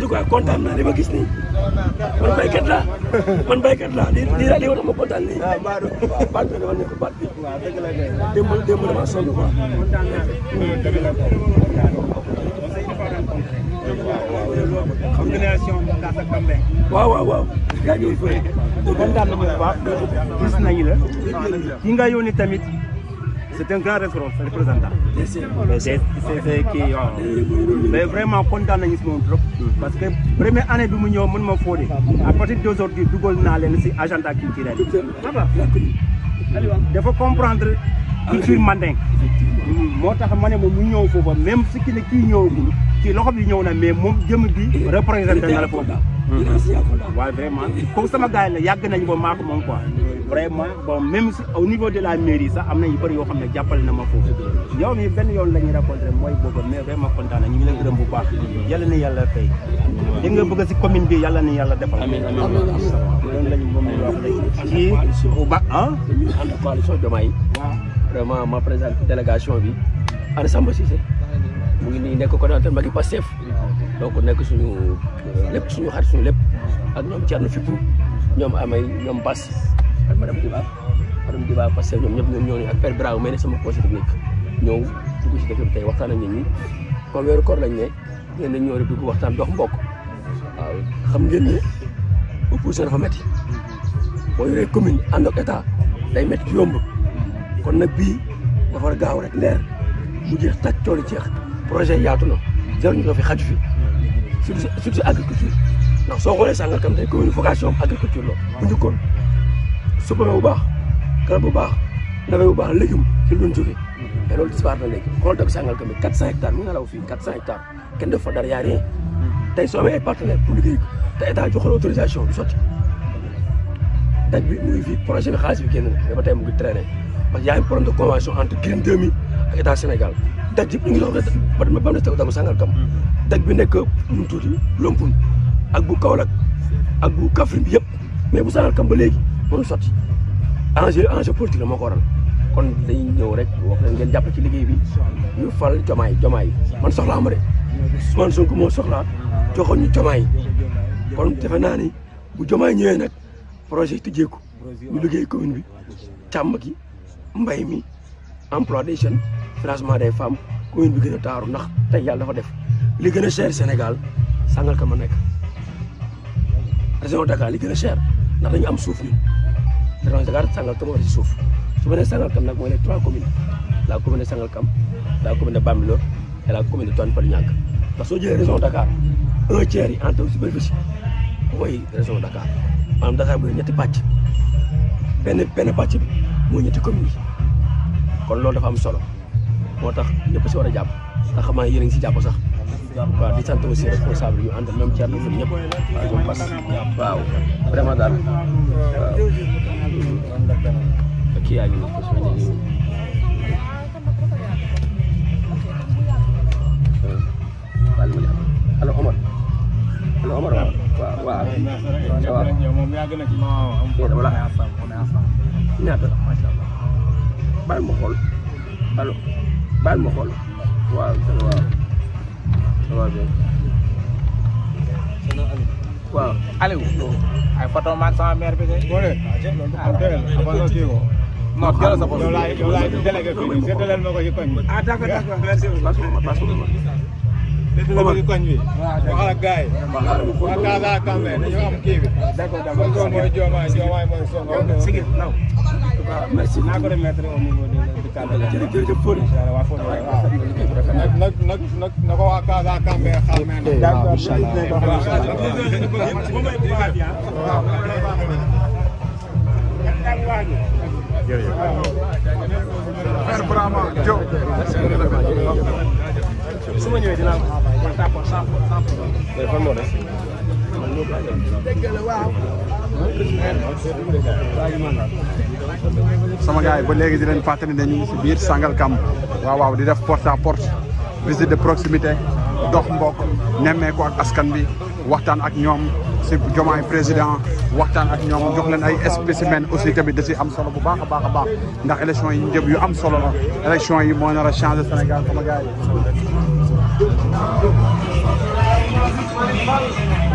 tout cas kontaan naa li ma gis ni man baykat laa man baykat laa lii lii daal di war a ma kontaan nii. a sonn quoi. waaw waaw waaw yaa ngi fay kontaan nañu bu baax gis nañu la ki nga yónni tamit c'est un grand représentant c'est kii waaw mais vraiment kontaan nañu si moom trop mhm. parce que première année bi mu ñëw mën ma fóode à partir d'aujourd'hui dugal naa leen si agenda culturel dafa comprendre am culture mandingue moo tax ma ne moom mu ñëw foofa même si ki ne kii ñëwagul ci loxo bi ñëw na mais moom jëm bi représenté na la foofu waaw vraiment comme sama gars la yàgg nañ ba maa ko moom quoi vraiment bon même si au niveau de la mairie sax am na yu bëri yoo xam ne jàppale na ma foofu yow mi benn yoon la ñu récolté mooy boobu mais vraiment kontaan ñu ngi leen gërëm bu baax yàlla na yàlla fay li nga bëgg si commune bi yàlla na yàlla defal loolu lañ moom vraiment ma présente délégation bi Anna si Cissé mu ngi nii nekk coordonnateur Macky Pastef donc nekk suñu euh, lépp suñu xarit suñu lépp ak ñoom Thierno Fipou ñoom Amay ñoom Bass ak madame Diba madame Diba Pastef ñoom ñëpp ñoom ñoo ak Père Bravo may ne sama conseil technique ñëw dugg si dëkk bi tey waxtaan ak nit ñi comme weeru koor lañ ne ñeen nañ ñëw waxtaan dox mbokk waaw xam ngeen ne opposition dafa métti boo yoree commune ànd ak état day métti yomb kon nag bii dafa war gaaw rek leer mu jeex taj cooli jeex projet yaatu na jarul ñu fi xaju fi surtout surtout agriculture ndax soo xoolee Sangalkam tey commune vocation agriculture la bu njëkkoon supame bu baax garab bu baax nawet bu baax légume ci luñ jógee mais loolu disparaît na léegi xool dëgg Sangalkam bi 400 hectares mu ngi nelaw fii 400 hectares kenn def fa dara yaa rien tey soo amee ay partenaire pour liggéey te état jox la autorisation du sotti daj fii projet bi xaalis bi génn na mais ba tey parce que y a un problème de convention entre Green 2000 ak Sénégal daj yëpp ngi doon ba ba mu des tegu sangal kam daj bi nekk nu mu tuuti Lompoul ak bu Kaolack ak bu Kaffrine yëpp mais bu sangal kam ba léegi mënu sotti enjeu enjeu politique la moo ko kon dañuy ñëw rek wax leen ngeen jàpp ci liggéey bi ñu fal jomaay jomaay man soxlaa am de Ousmane Sonko moo soxlaa joxoon ñu jomaay kon defe naa ni bu jomaay ñëwee nag projet tijjeeku ñu liggéey commune bi càmm gi mbay mi emploi des jeunes financement des femmes commune bi gën a taaru ndax te yàlla dafa def li gën a cher Sénégal Sangalkam a nekk région Dakar li gën a cher ndax dañu am suuf ñun région Dakar Sangalkam war ci suuf su ma nee Sangalkam nag mooy les trois commune la commune de Sangalkam la commune de Bambilor et la commune de Tivaouane Peulh-Niaga ndax soo jëlee région Dakar un tiers yi en terme superficie mooy région Dakar maanaam Dakar bu ñetti pàcc benn benn pàcc bi. moo ko communes yi kon loolu dafa am solo moo tax ñëpp si war jàpp ndax xam naa yéen si jàpp sax waaw di sant aussi responsable yu ànd même Thierno Fane ñëpp waaw ñoom Fass waaw vraiment daal waaw kii yaa ngi nii allo Omar allo Omar waaw waaw waaw ñaata la macha allah baal ma xool allo baal ma xool waaw waaw waaw. waaw Aliou. ay photo maag sama mère bi de. Ah, ah, non jëlal sa bopp yow laay yow laay délégué fii nii séddaleel ma ko ci koñ. ah d'accord d'accord merci beaucoup. dëgg la bëgg koñ bi waxal ak gars yi waa Kaasa Kambe dañoo am kii bi Sonko mooy Diomaye Diomaye mooy Sonko naa ko remettre au niveau du cadre nag nag nag nag na ko waa Kaasa Kambe xamee na jërëjëf su ñëwee dinaa ko d'accord sans problème. mais fan moo des. sama yi ba léegi di leen fàttali ne ñu ngi si biir Sangalkam waaw waaw di def porte à porte visite de proximité dox mbokk nemmeeku ak askan bi waxtaan ak ñoom si jomaay président waxtaan ak ñoom jox leen ay spécimen aussi tamit da si am solo bu baax a baax a baax ndax élection yi njëb yu am solo la élection yi moo nar a changer Sénégal sama gars yi.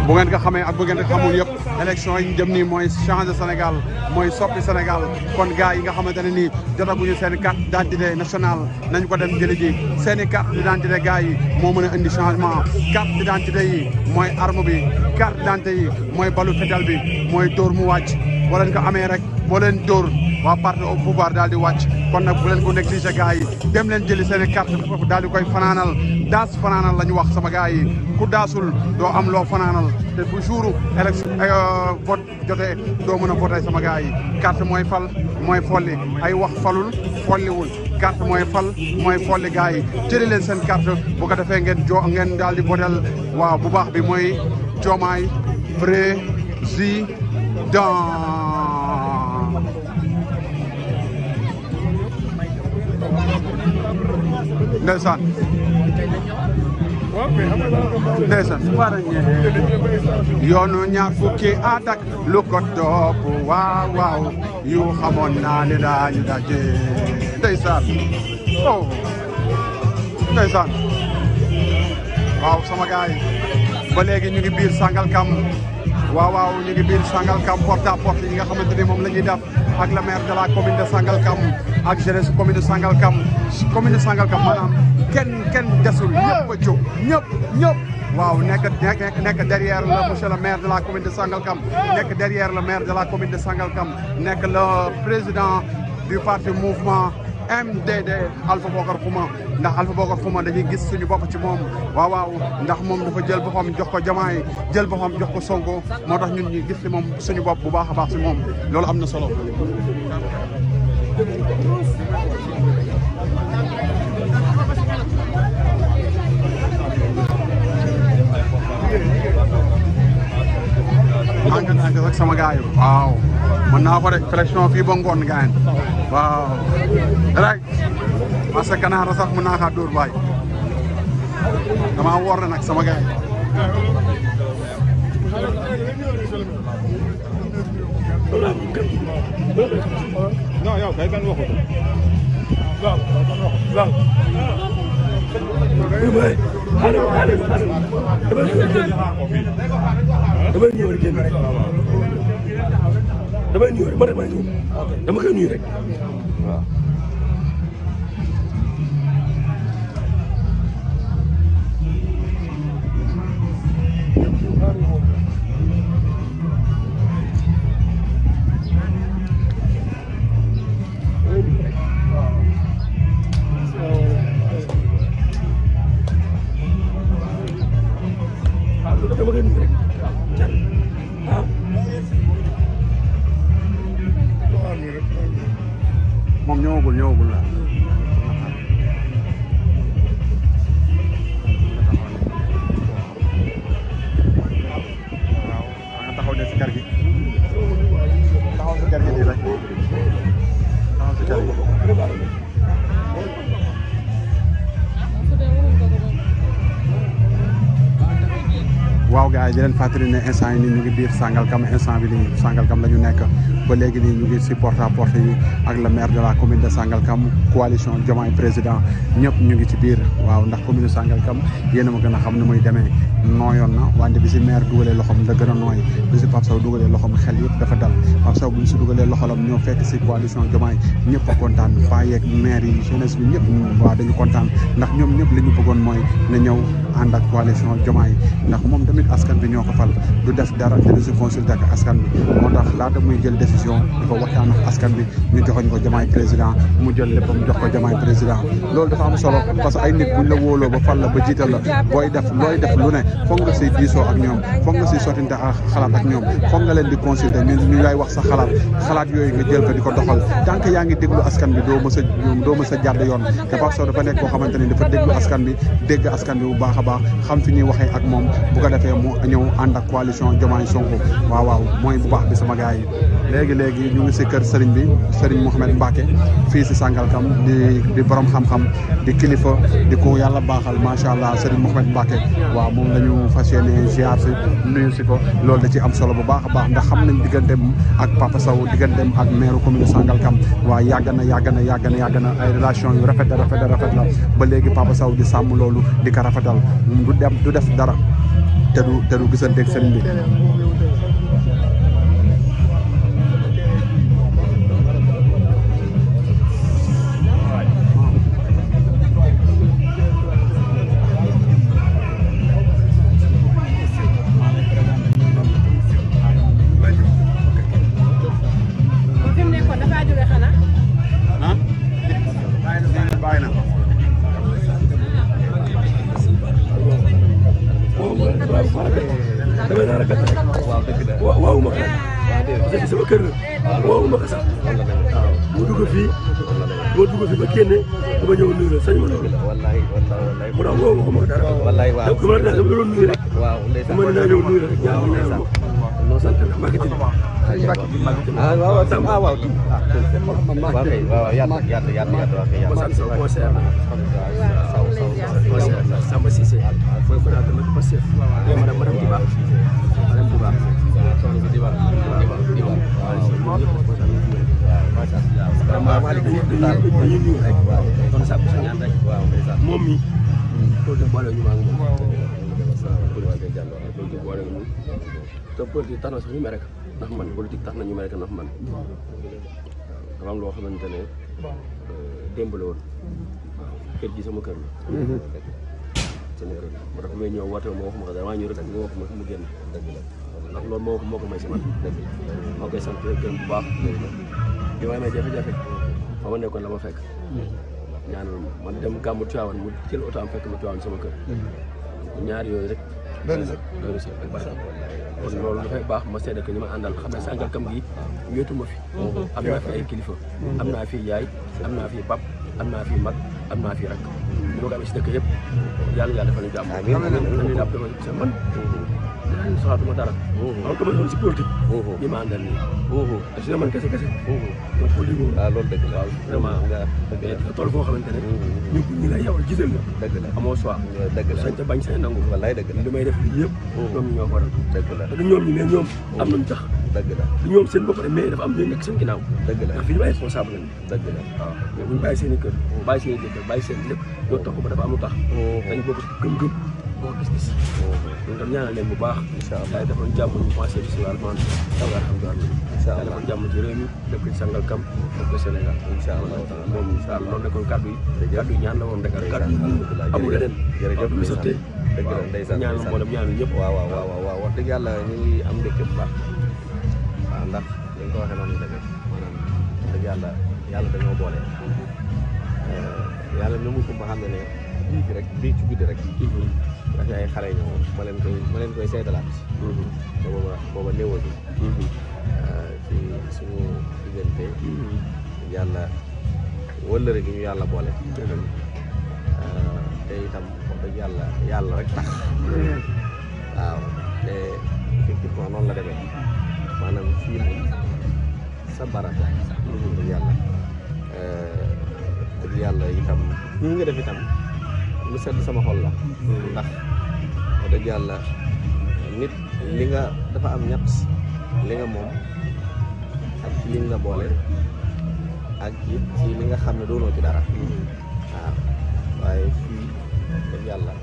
bu ngeen ko xamee ak bu ngeen ko xamul yëpp élection yi ñu jëm nii mooy changer Sénégal mooy soppi Sénégal kon gars yi nga xamante ne nii jotaguñu seen carte d'identité nationale nañ ko dem jëli ji seen i carte d'identité gars yi moo mën a indi changement carte d'identité yi mooy arme bi carte d'identité yi mooy balu fetal bi mooy dóor mu wàcc boo leen ko amee rek boo leen dóor waa parti au pouvoir daal di wàcc kon nag bu leen ko négligé gars yi dem leen jëli seeni i carte daal di koy fanaanal daas fanaanal la ñu wax sama gars yi ku daasul doo am loo fanaanal te bu jour élection euh, vote jotee doo mën a sama gars yi carte mooy fal mooy folli ay wax falul folliwul carte mooy fal mooy folli gars yi jëli leen seen carte bu ko defee ngeen jo ngeen daal di votel waaw bu baax bi mooy Diomaye Président ndeysaan ndeysaan yoonu ñaar fukki at ak lu ko topp waaw yu xamoon naa ne daañu daje ndeysaan oh ndeysaan waaw sama gaay ñu ngi biir Sangalkam waaw waaw ñu ngi biir Sangalkam porte à porte yi nga xamante ne moom la ñuy ak le maire de la commune de Sangalkam ak jeunesse commune de Sangalkam commune de Sangalkam maanaam kenn kenn desul ñëpp a jóg ñëpp ñëpp waaw nekk nekk derrière le monsieur le maire de la commune de Sangalkam nekk derrière le maire de la commune de Sangalkam nekk le président du parti mouvement MDD Alpha Bokar Xuma ndax Alpha Bokar Xuma dañuy gis suñu bopp ci moom waaw waaw ndax moom dafa jël boppam jox ko jamaay jël boppam jox ko Sonko moo tax ñun ñu gis ci moom suñu bopp bu baax a baax ci moom loolu am na solo. ànd ak sama waaw. mën naa ko de collection fii ba ngoon gaañ waaw rek parce que ganaar sax mën naa kaa dóor baay dama woor nag sama gaañ damay nuyu rek man rek maa ngi ñëw dama koy nuyu rek waaw. Barrow. yi di leen fàttali ne instant yi nii ñu ngi biir Sangalkam instant bi nii nekk ba léegi nii ñu ngi si porte à yi ak le maire de la commune de coalition Diomaye président ñëpp ñu ngi ci biir waaw ndax commune Sangalkam yéen a ma gën a xam ne muy demee nooyoon na wante bi si maire dugalee loxoom la gën a nooy bi si Pape Sow dugalee loxoom xel yëpp dafa dal Pape Sow ñu si dugalee loxoom ñoo fekk si coalition Diomaye ñëpp a kontaan ba bi ñoo ko fal du def dara te du si consulter ak askan bi moo tax laata muy jël décision dafa waxtaan ak askan bi ñu joxoñ ko jamaay président mu jël léppam jox ko jamaay président loolu dafa am solo parce que ay nit buñ la wóoloo ba fal la ba jiital la booy def lu ne foog nga si diisoo ak ñoom foog nga si sottinte ak xalaat ak ñoom foog nga leen di consulter ñu lay wax sa xalaat xalaat yooyu nga jël ko di ko doxal tant yaa ngi déglu askan a a a ñëw ànd ak coalition Diomaye Sonko waaw waaw mooy bu baax bi sama gars yi léegi léegi ñu ngi si kër Serigne bi Serigne Mouhamed Mbacke fii si Sangalkam di di borom xam-xam di kilifa di ko yàlla baaxal macha allah Serigne Mouhamed Mbacke waaw moom la ñu fas yéene ziar si nuyu si ko loolu da ci am solo bu baax a baax ndax xam nañ digganteem ak Papa Sow digganteem ak maire commune Sangalkam waaw yàgg na yàgg na yàgg na yàgg na ay relation yu rafet rafet rafet la ba léegi Papa Sow di sàmm loolu di ko te du te du gisanteeg bi te politique tax na sax ñu mere ndax man politique tax na ñu mere ndax man waaw dafa am loo xamante ne euh, démb la woon kër gi sama kër la. may ñëw woote ma wax ma ko damaa ñëw rek ma ma ndax loolu moo ko may si man. moo koy sant gërëm bu baax. bi ma amee jafe-jafe fa ma nekkoon la ma fekk. ñaanal man dem gàmmu mu jël oto am fekk ma Tiwaawan sama kër. Mm-hmm. ñaar yooyu rek. benn rek benn rek ak kon loolu dafay baax ma seede ko ñu ma àndal xam ne sàngal kam gi wéetu ma fi am naa fi ay kilifa am naa fi yaay am naa fi pap am naa fi mag am naa fi rakk ñu ma ko amee si dëkk yëpp yàlla yàlla dafa ñu jàmm am na ñu jàpp man soxlaatuma dara. man ko ma doon si politique. ñi ma àndal nii. te si ne man kese kese. donc politique boobu. waaw ah, loolu dëgg la waaw vraiment. dëgg la tool foo xamante ne. ñu ñu lay yawal gisal la. dëgg la amoo choix. dëgg la sañ te bañ sañ nangu. wallaay dëgg la li may def lii yëpp. ñoom ñu ñoo ko waral. dëgg la te ñoom ñu ne ñoom am nañu tax. dëgg la du ñoom seen bopp rek mais dafa am ñoo nekk seen ginnaaw. dëgg la ndax fi ñu ay responsable lañu. dëgg la waaw mais bu ñu bàyyi seen i kër. bàyyi seen i jëkkër bàyyi seen lépp ñoo tax ko ba dafa am lu tax. dañu bokk gëm-gëm boo gis-gis. waaw tam ñaanal leen bu baax. incha allah daay defoon jàmm ñu commencé bisimilah rahmaan taw alhamdulilah. incha allah defoon jàmm ci réew mi def ko ci sangal kam def ko Sénégal. incha allah moom incha allah loolu nekkoon kàddu yi. kàddu yi ñaan la woon rek kàddu yi amul leneen. jërëjëf lu sottee dëgg la ndeysaan ñaanal mboolem ñaanal ñëpp. waaw waaw waaw waaw wax dëgg yàlla ñu ngi am mbégte bu baax. waaw ndax li nga ko waxee noonu la demee maanaam dëgg yàlla yàlla dañoo boole mm-hmm. eh, yàlla lu mu ko xam ne bii rek bii ci guddi rek mhm. ndax ay xale ñoo ma leen koy ma leen koy seetalaat mhm. te booba booba néewoo ji mhm. euh, suñu diggante yàlla wëllëre gi ñu yàlla boole euh, te itam wax dëgg yàlla yàlla rek tax waaw te effectivement noonu la demee maanaam fii moom sa barata wax yàlla euh, dëgg yàlla itam ñi nga def itam lu sedd sama xol la ndax wax dëgg yàlla nit li nga dafa am ñett li nga moom ak ci liñ boole ak it li nga xam ne doonoo ci dara waaw waaye fii dëgg yàlla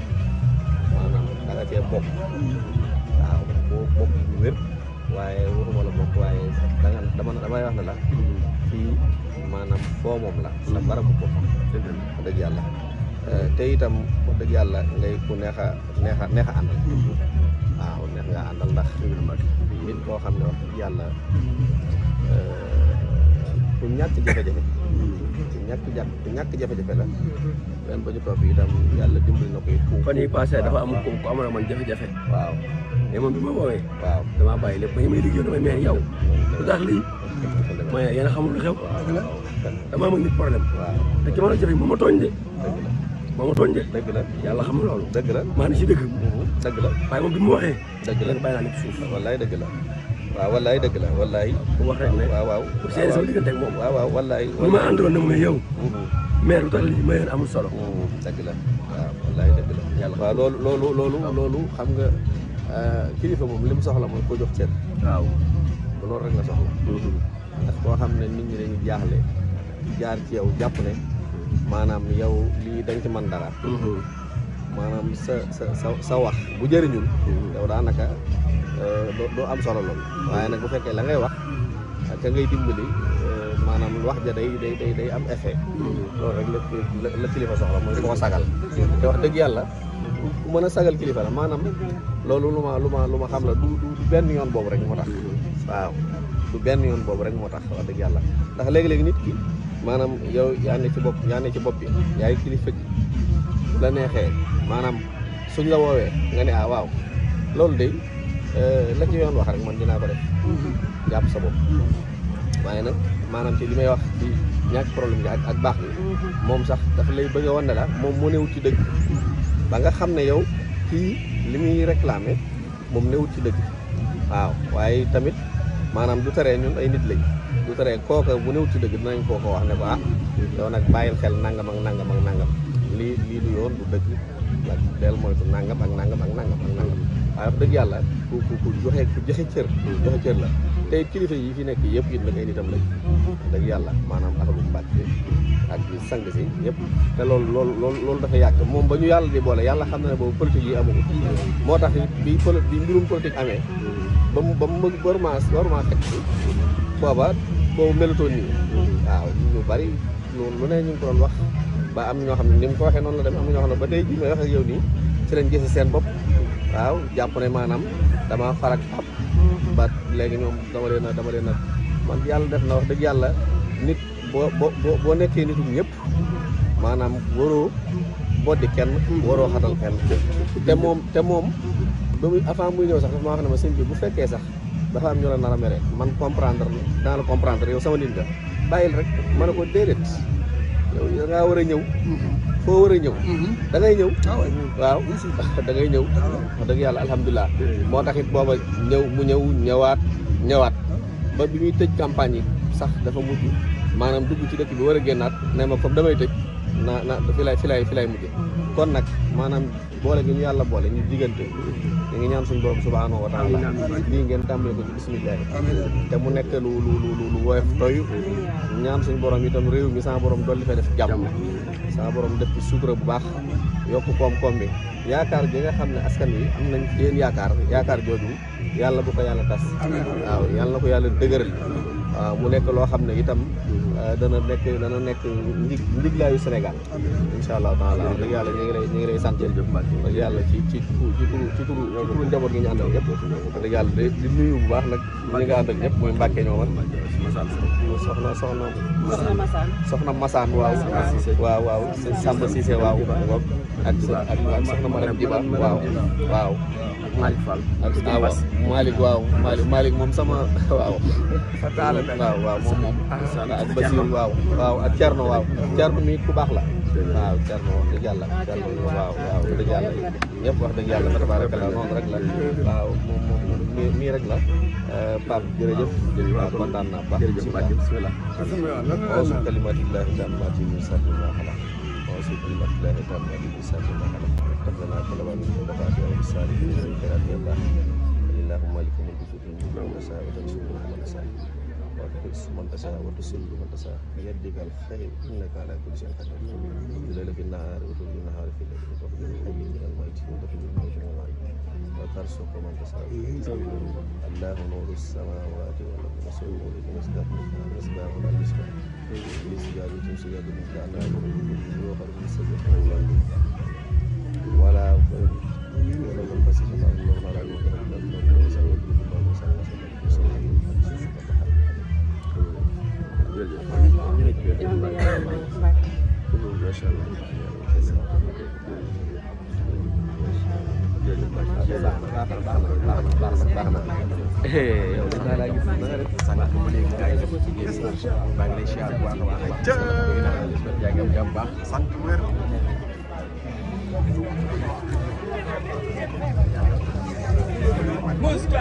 maanaam da nga cee bokk waaw boo bokk bu wér waaye waxuma la bokk waaye danga dama damay wax ne la fii maanaam foo moom la sa barabu boppam dëgg yàlla Eh, te itam wax dëgg yàlla ngay ku neex a neex neex a àndal àndal ndax Ibra Mati koo xam ne wax dëgg yàlla eh, ku ñàkk jafe-jafe ku ñàkk jafe-jafe la benn ba ñu topp yàlla dimbali na ko it fan yii passé dafa am ku ku amoon man jafe-jafe waaw mais moom bi ma woowee waaw damaa bàyyi lépp ba ñu may liggéey damay mais yow lu tax lii mooy yéen a xamul lu xew dama am nit problème te ki ma la jafe moom ma tooñ de ba ma tooñ de dëgg la yàlla xam na loolu dëgg la maa ngi si dëgg la waaye moom bi mu waxee dëgg la bàyyi naa dëgg la waaw wallaay dëgg la wallaay bu waxee ne waaw waaw seen sama diggante ak moom waaw waaw wallaay ñu la waaw yàlla waaw loolu loolu loolu loolu xam nga euh, kilifa moom li soxla mooy ko jox cër waaw loolu rek la soxla ndax koo xam ne nit ñi dañu jaaxle jaar ci yow jàpp ne maanaam yow lii dañ ci man dara mhm. maanaam sa sa sa sa wax bu jëriñul mhm. yow daanaka euh, doo am solo loolu mhm. waaye nag bu fekkee la ngay wax ka ngay dimbali euh, maanaam wax ja day day day day am effet loolu rek la la kilifa soxla mooy koo sagal te wax dëgg yàlla ku mën a sagal kilifa la maanaam loolu lu ma lu ma lu ma xam la du benn yoon boobu rek moo tax waaw du benn yoon boobu rek moo tax wax dëgg yàlla léegi-léegi nit maanaam yow yaa ne ci bopp yaa ne ci bopp bi yaay kilifa gi la neexee maanaam suñ la woowee nga ne ah waaw loolu de euh, la ci yoon wax rek man dinaa ko def jàpp sa bopp waaye nag maanaam ci li may wax ci ñàkk problème bi ak ak baax bi moom sax dafa lay bëgg a wan ne la moom moo newut ci dëgg ba nga xam ne yow kii li muy réclamé moom newut ci dëgg waaw waaye tamit maanaam du teree ñun ay nit lañ ko rek bu néew ci dëgg dinañ koo ko wax ne ko ah bàyyil xel nangam ak nangam ak nangam lii yoon du dëgg nag del moytu nangam ak nangam ak nangam ak nangam yàlla ku ku ku kilifa yi fi nekk yëpp it nag ay nitam lañ dëgg yàlla maanaam axalu Mbàkke ak sang si yëpp te loolu loolu loolu loolu dafa yàgg moom ba ñu yàlla di boole yàlla xam na ne boobu politique yi amul moo tax bi bi mbirum politique amee ba mu ba mu warmaa warmaa fekk booba boobu melutoon nii waaw lu bari loolu lu ne ñu ngi ko doon wax ba am ñoo xam ne ni mu ko waxee noonu la dem am ñoo xam ne ba tey jii may wax ak yow nii ci lañ gis seen bopp waaw jàpp ne maanaam dama farak ab ba léegi ñoom dama leen a dama leen a man yàlla def na wax dëgg yàlla nit boo boo boo nekkee nitu ñëpp maanaam waroo boddi kenn waroo xatal kenn te moom te moom ba muy avant muy ñëw sax dafa maa wax ne ma sëñ bi bu fekkee sax dafa am ñu la nar a mere man comprendre dana la comprendre yow sama nit nga bàyyil rek ma ne ko déedéet yow ngaa war a ñëw mhm. foo war a ñëw mhm. da ngay ñëw ah waaw da ngay ñëw ah wax dëgg yàlla alhamdulilah moo tax it booba ñëw mu ñëw ñëwaat ñëwaat ah ba bi ñuy tëj campagne yi sax dafa mujj maanaam dugg ci dëkk bi war a génnaat ne ma comme damay tëj naa naa fi lay lay fi mujj mhm. kon nag maanaam boole gi ñu yàlla boole ñu diggante ñu ngi ñaan suñu borom subhaanahu wa taala lii ngeen tàmbale ko ci bisimilah te mu nekk lu lu lu lu woyof doy ñaan suñu borom itam réew mi sama borom dolli fee def jàmm sama borom def ci sutura bu baax yokk koom-koom bi yaakaar ji nga xam ne askan wi am nañ yéen yaakaar yaakaar jooju yàlla bu fa yàlla tas waaw yàlla ko yàlla dëgëral Euh, mu nekk loo xam ne itam euh, dana nekk dana nekk ndig ndiglaayu Sénégal incha allah taala dëgg yàlla ñu ngi lay ñu ngi lay yàlla ci ci turu ci turu ci turu ci turu yàlla di di nuyu bu baax nag ñi nga àndal ñëpp mooy Mbàkke ñoo soxna soxna Masaan waaw waaw waaw Samba Cissé waaw ak ak soxna Mariam Diba waaw waaw Malick Fall ak Malick waaw Malick moom sama waaw waaw waaw moom moom. ak Basiir ah, waaw waaw ak Thierno waaw Thierno mi ku baax la. waaw Thierno wax dëgg yàlla ah, Thierno waaw waaw wax dëgg yàlla ñëpp wax dëgg yàlla tabaarkalla noonu rek la waaw moom moom mii rek la euh, Pape jërëjëf waaw kontaan naa baax jërëjëf Pape bismillah awsu kalimatillahi tammati min sharri ma xalaq awsu kalimatillahi tammati min sharri ma xalaq ربنا كل ما من بقاء والسالكين من خيرات الله اللهم لكم الجزء من كل مساء وتنصرون من مساء تنقص من تشاء وتسل من تشاء بيدك الخير انك على كل شيء قدير الليل في النهار وتولي النهار في الليل وتخرج الحي من الميت وتخرج الموت من الحي وترزق من تشاء الله نور السماوات والارض وسوء المصدر مصباح المصباح في سجادة سجادة كأنها وخرج من السجادة ولا ولا منفسخ فإن الله لا يوحي jàmm yàlla may barke macha allah yow li naa laa gis na nga def sànq ba léegi gaa yi dafa ci génn maa ngi lay siyaar bu baax a baax yaa ngi am jàmm baax sant wér Moussa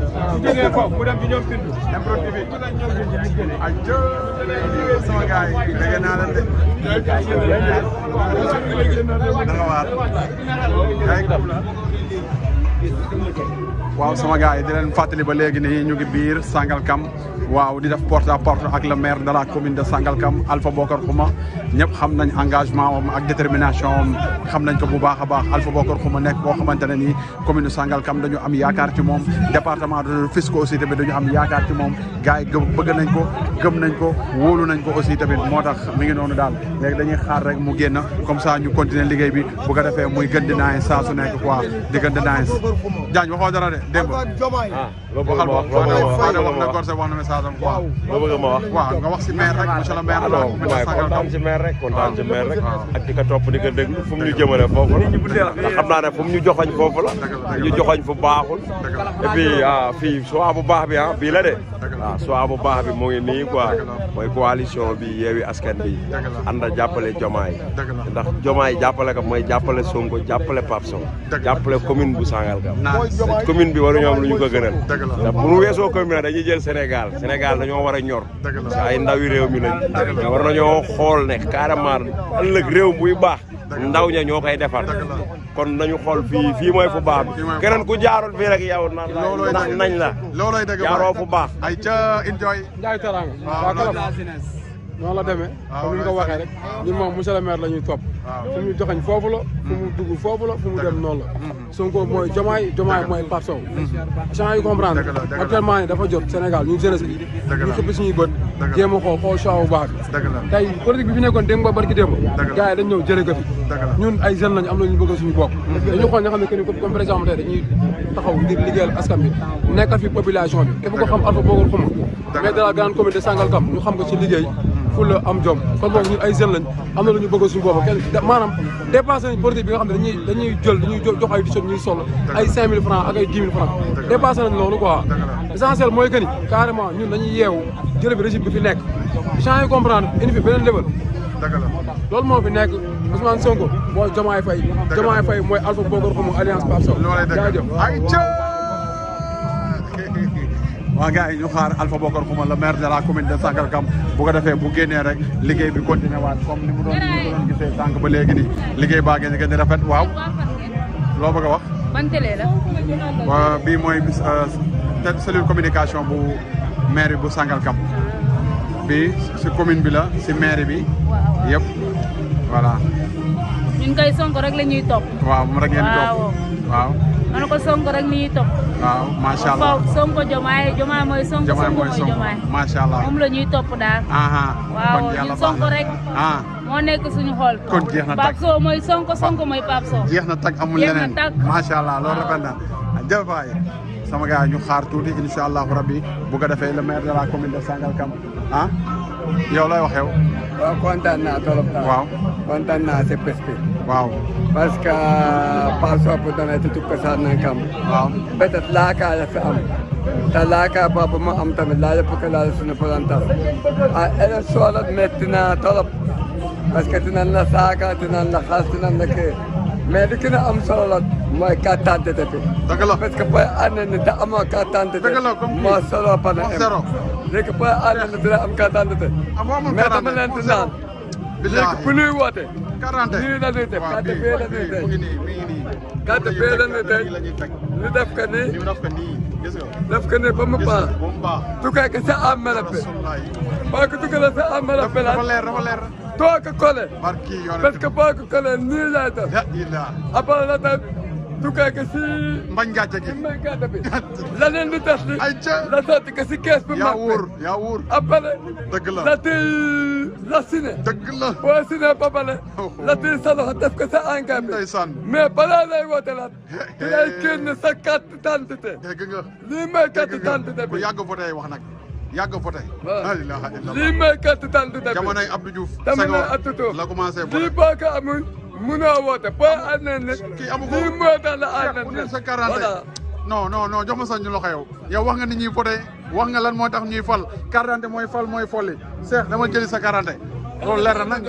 su jógee foofu mu dem ci yi dégg waaw sama gars yi di leen fàttali ba léegi nii ñu ngi biir Sangalkam. waaw di def porte à porte ak le maire de la commune de Sangalkam Alpha Bokar Xuma ñëpp xam nañ engagement am ak détermination am xam nañ ko bu baax a baax Alpha Bokar Xuma nekk boo xamante ne nii commune Sangalkam dañu am yaakaar ci moom département de Rufisque aussi tamit dañu am yaakaar ci moom gars yi bëgg nañ ko gëm nañ ko wóolu nañ ko aussi tamit moo tax mi ngi noonu daal léegi dañuy xaar rek mu génn comme ça ñu continuer liggéey bi bu ko defee muy gën di naaj saa su nekk quoi di gën di de dégg nga loo bëgg ma wax loo bëgg ma wax wax na Gorgé wax na message am quoi. loo bëgg ma wax. waaw nga wax si maire rek monsieur le maire. rek kontaan si ñu jëmale foofu ñu joxoñ foofu la. ñu joxoñ fu baaxul. et ah, fii choix bu baax bi ah, la de. waaw ah, choix bu baax bi mu ngi nii quoi. mooy bi yeewi askan bi. ànd jàppale Jomaay. ndax Jomaay jàppale mooy jàppale Sonko jàppale Pape Sow. jàppale commune bu Sangalkam. commune bi waruñu am lu ñu ko dëgg la ndax bu nu weesoo commune dañuy jël Sénégal Sénégal dañoo war a ñor si ay ndawi réew mi lañ nga war nañoo xool ne carrément ëllëg réew muy baax ndaw ña ñoo koy defar kon nañu xool fii fii mooy fu baax bi keneen ku jaarul fii rek yow na nañ la jaaroo fu baax ay ca enjoy njaay teraanga noonu la demee ah, moom mu ah, joxañ foofu la fu mu hmm. dugg foofu la fu mu dem noonu la hmm, hmm. Sonko mooy Diomaye Diomaye mooy Pape Sow champs yu comprendre actuellement ni dafa jot Sénégal ñun jeunesse bi ñu bët jéem a xool xool choix bu baax bi tey politique bi fi nekkoon démb ba barki démb gars yi dañ ñëw jëlee ko fi ñun ay jeunes lañu am na ñu bëgg suñu bopp dañu xool nga xam ne que ni comme par exemple tey dañuy taxaw ngir liggéeyal askan bi nekkal fi population bi képp ko xam Alpha fulla am jom kon ay jeunes am na lu ñu bëgg suñu bopp kenn bi nga xam dañuy jël dañuy jox ay disons ñuy sol ay 5000 francs ak ay 10 000 francs dépassé nañ loolu quoi essentiel mooy que ni ñun dañuy yeewu jële bi bi fi nekk changé comprendre indi fi beneen level loolu moo fi nekk Ousmane Sonko mooy Diomaye Faye mooy Alpha Bokor xamu alliance Pape Sow jaajëf waa gars yi ñu xaar Alpha Bokar Xuma le maire de la commune de Sangalkam bu ko defee bu génnee rek liggéey bi continué waat comme ni mu doon ni mu doon gisee sànq ba léegi nii liggéey baa ngeen gën a rafet waaw loo bëgg a wax. ban télé la. waa bii mooy euh, cellule communication bu maire bu Sangalkam bi si commune bi la si maire bi. yëpp voilà. ñun kay Sonko rek la ñuy waaw moom rek ngeen waaw. ma ne ko Sonko rek ni ñuy waaw macha allah foofu Sonko Jomaay Jomaay moom la ñuy topp daal. Ah, ah. waaw ñun Sonko rek. Ah. moo nekk suñu xool. kon jeex na tag Pape Sow mooy jeex na tag amul leneen jeex na tag macha allah loolu rafet sama gars ñu xaar tuuti incha rabbi bu defee le maire de la commune de Sangalkam ah yow lay wax yow. waaw kontaan naa trop. waaw kontaan naa c'est presque. waaw parce que paasoopu dana ci kam waaw peut-être am te laakaa boobu mu am tamit laa la pukka laa la suñu palantar a élection la metti na torop parce que dinañ la saaka dinañ la xas dinañ la kii a am solo mooy carte d'identité bi. dëgg la parce que booy ànd ni te amoo carte d'identité. moo solo pana em léegi booy ànd ni dina am carte d'identité ah, mais dama leen di léegi bu ñuy woote. 40 nii la ñuy def 4P la ñuy teg 4P la ñuy teg ñu def ko nii def ko nii ba mu baax. tukkee ko sa amalape. boo ko tukkee la sa amalape la too ko kole. parce que boo ko kole nii lay def. après la tukkee ko si. mbañ gàcce gi mbañ bi. la leen di ay ca la sotti ko si kees bu mag bi yaa wóor yaa wóor. après dëgg la la tey la sine. dëgg la boo sine ba oh, oh. la tey sa loxo def ko sa engrais bi. ndeysaan mais balaa lay woote laat. di lay génn sa carte d'identité. dëgg nga lii mooy carte d'identité bi bu yàgg voté wax nag. la commencé voté lii boo ko mënoo woote ba ànd nañ ne. kii a lii moo tax la ànd nañ ne voilà. non non non jox ma sax ñu loxo yow yow wax nga ni ñuy voté wax nga lan moo tax ñuy fal carte mooy fal mooy folli Cheikh dama jëli sa carte d'identité loolu leer na nag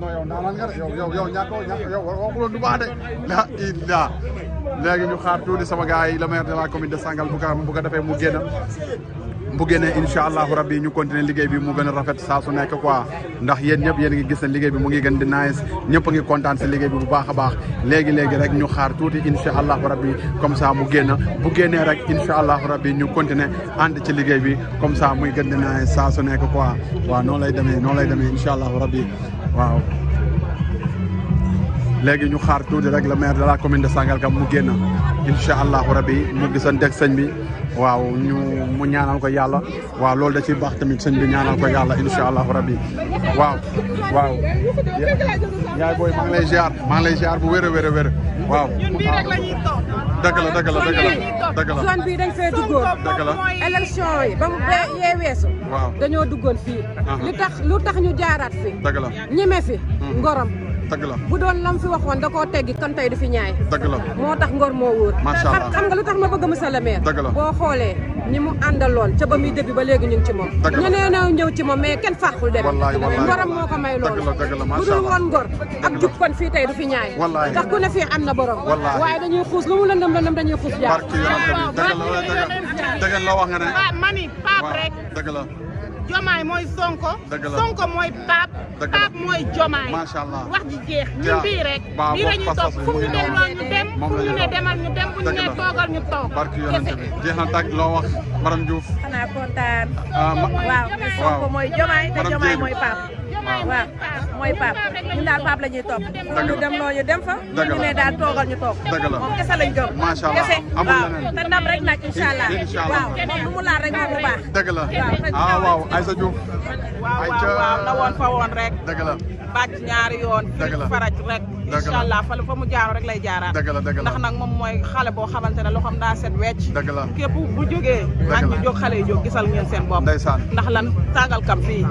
non yow naan nga yow yow yow ñàkkoo ñàkk yow waxuloon du baax de la illa léegi ñu xaar tuuti sama yi le maire de la commune de Sangalkam bu ko defee mu génn bu génnee incha allahu rabbi ñu continé liggéey bi mu gën a rafet saa su nekk quoi ndax yéen ñëpp yéen ngi gis liggéey bi mu ngi gën di nice ñëpp a ngi kontaan si liggéey bi bu baax a baax léegi léegi rek ñu xaar tuuti incha allahu rabbi comme ça mu génn bu génnee rek incha allahu rabbi ñu continuer ànd ci liggéey bi comme ça muy gën di nice saa su nekk quoi lay demee noonu lay demee incha allahu rabbi waaw. léegi ñu xaar tuuti rek le maire de la commune de Sangalkam mu génn incha allahu rabbi mu gisanteeg sëñ bi. waaw ñu mu ñaanal ko yàlla waaw loolu da ciy baax tamit sëñ bi ñaanal ko yàlla incha allahu rabbi waaw waaw yaay booy maa lay jaar maa ngi lay ziar bu wér a wér a wér waaw dëgg la dëgg la dañ fee duggoon dëgg yi ba mu yee weesu dañoo duggoon fii lu tax ñu jaaraat fi ñeme fi hmm. ngorom dëgg la bu doon lam fi waxoon da koo teggi kon tey du fi ñaay la moo tax ngor moo wóor macha allah xam nga lu tax ma bëgg monsieur le maire dëgg la boo xoolee ñi mu àndaloon ca ba muy début ba léegi ñu ngi ci moom ñeneen a ñëw ci moom mais kenn fàqul dem ngoram moo ko may loolu bu dul woon ngor ak jub kon fii tey du fi ñaay ndax ku ne fii am na borom waaye dañuy xuus lu mu lëndëm lëndëm dañuy xuus jaar dëgg la wax nga rek jomaay mooy sonko sonko mooy paap paap mooy jomaay wax ji jeex ñun bii rek ñu dem lool ñu dem fu ñu dem bu ñu ne toogal ñu toog barki yonente bi jeex na tàgg loo wax kontaan ah, waaw mooy jomaay te jomaay mooy paap waaw mooy Pape ñun daal Pape la ñuy topp ñu dem loo ñu dem waaw te ndam rek nag incha waaw moom lu mu laal rek moom baax dëgg la ah waaw Aïssa Diouf waaw la woon fa woon rek dëgg ñaari yoon fii mu jaaru lay jaaraat ndax nag moom mooy xale boo xamante ne loo xam daa set wecc képp bu jógee ak ñu jóg xale yi jóg ngeen seen bopp ndax la tàngal kam fii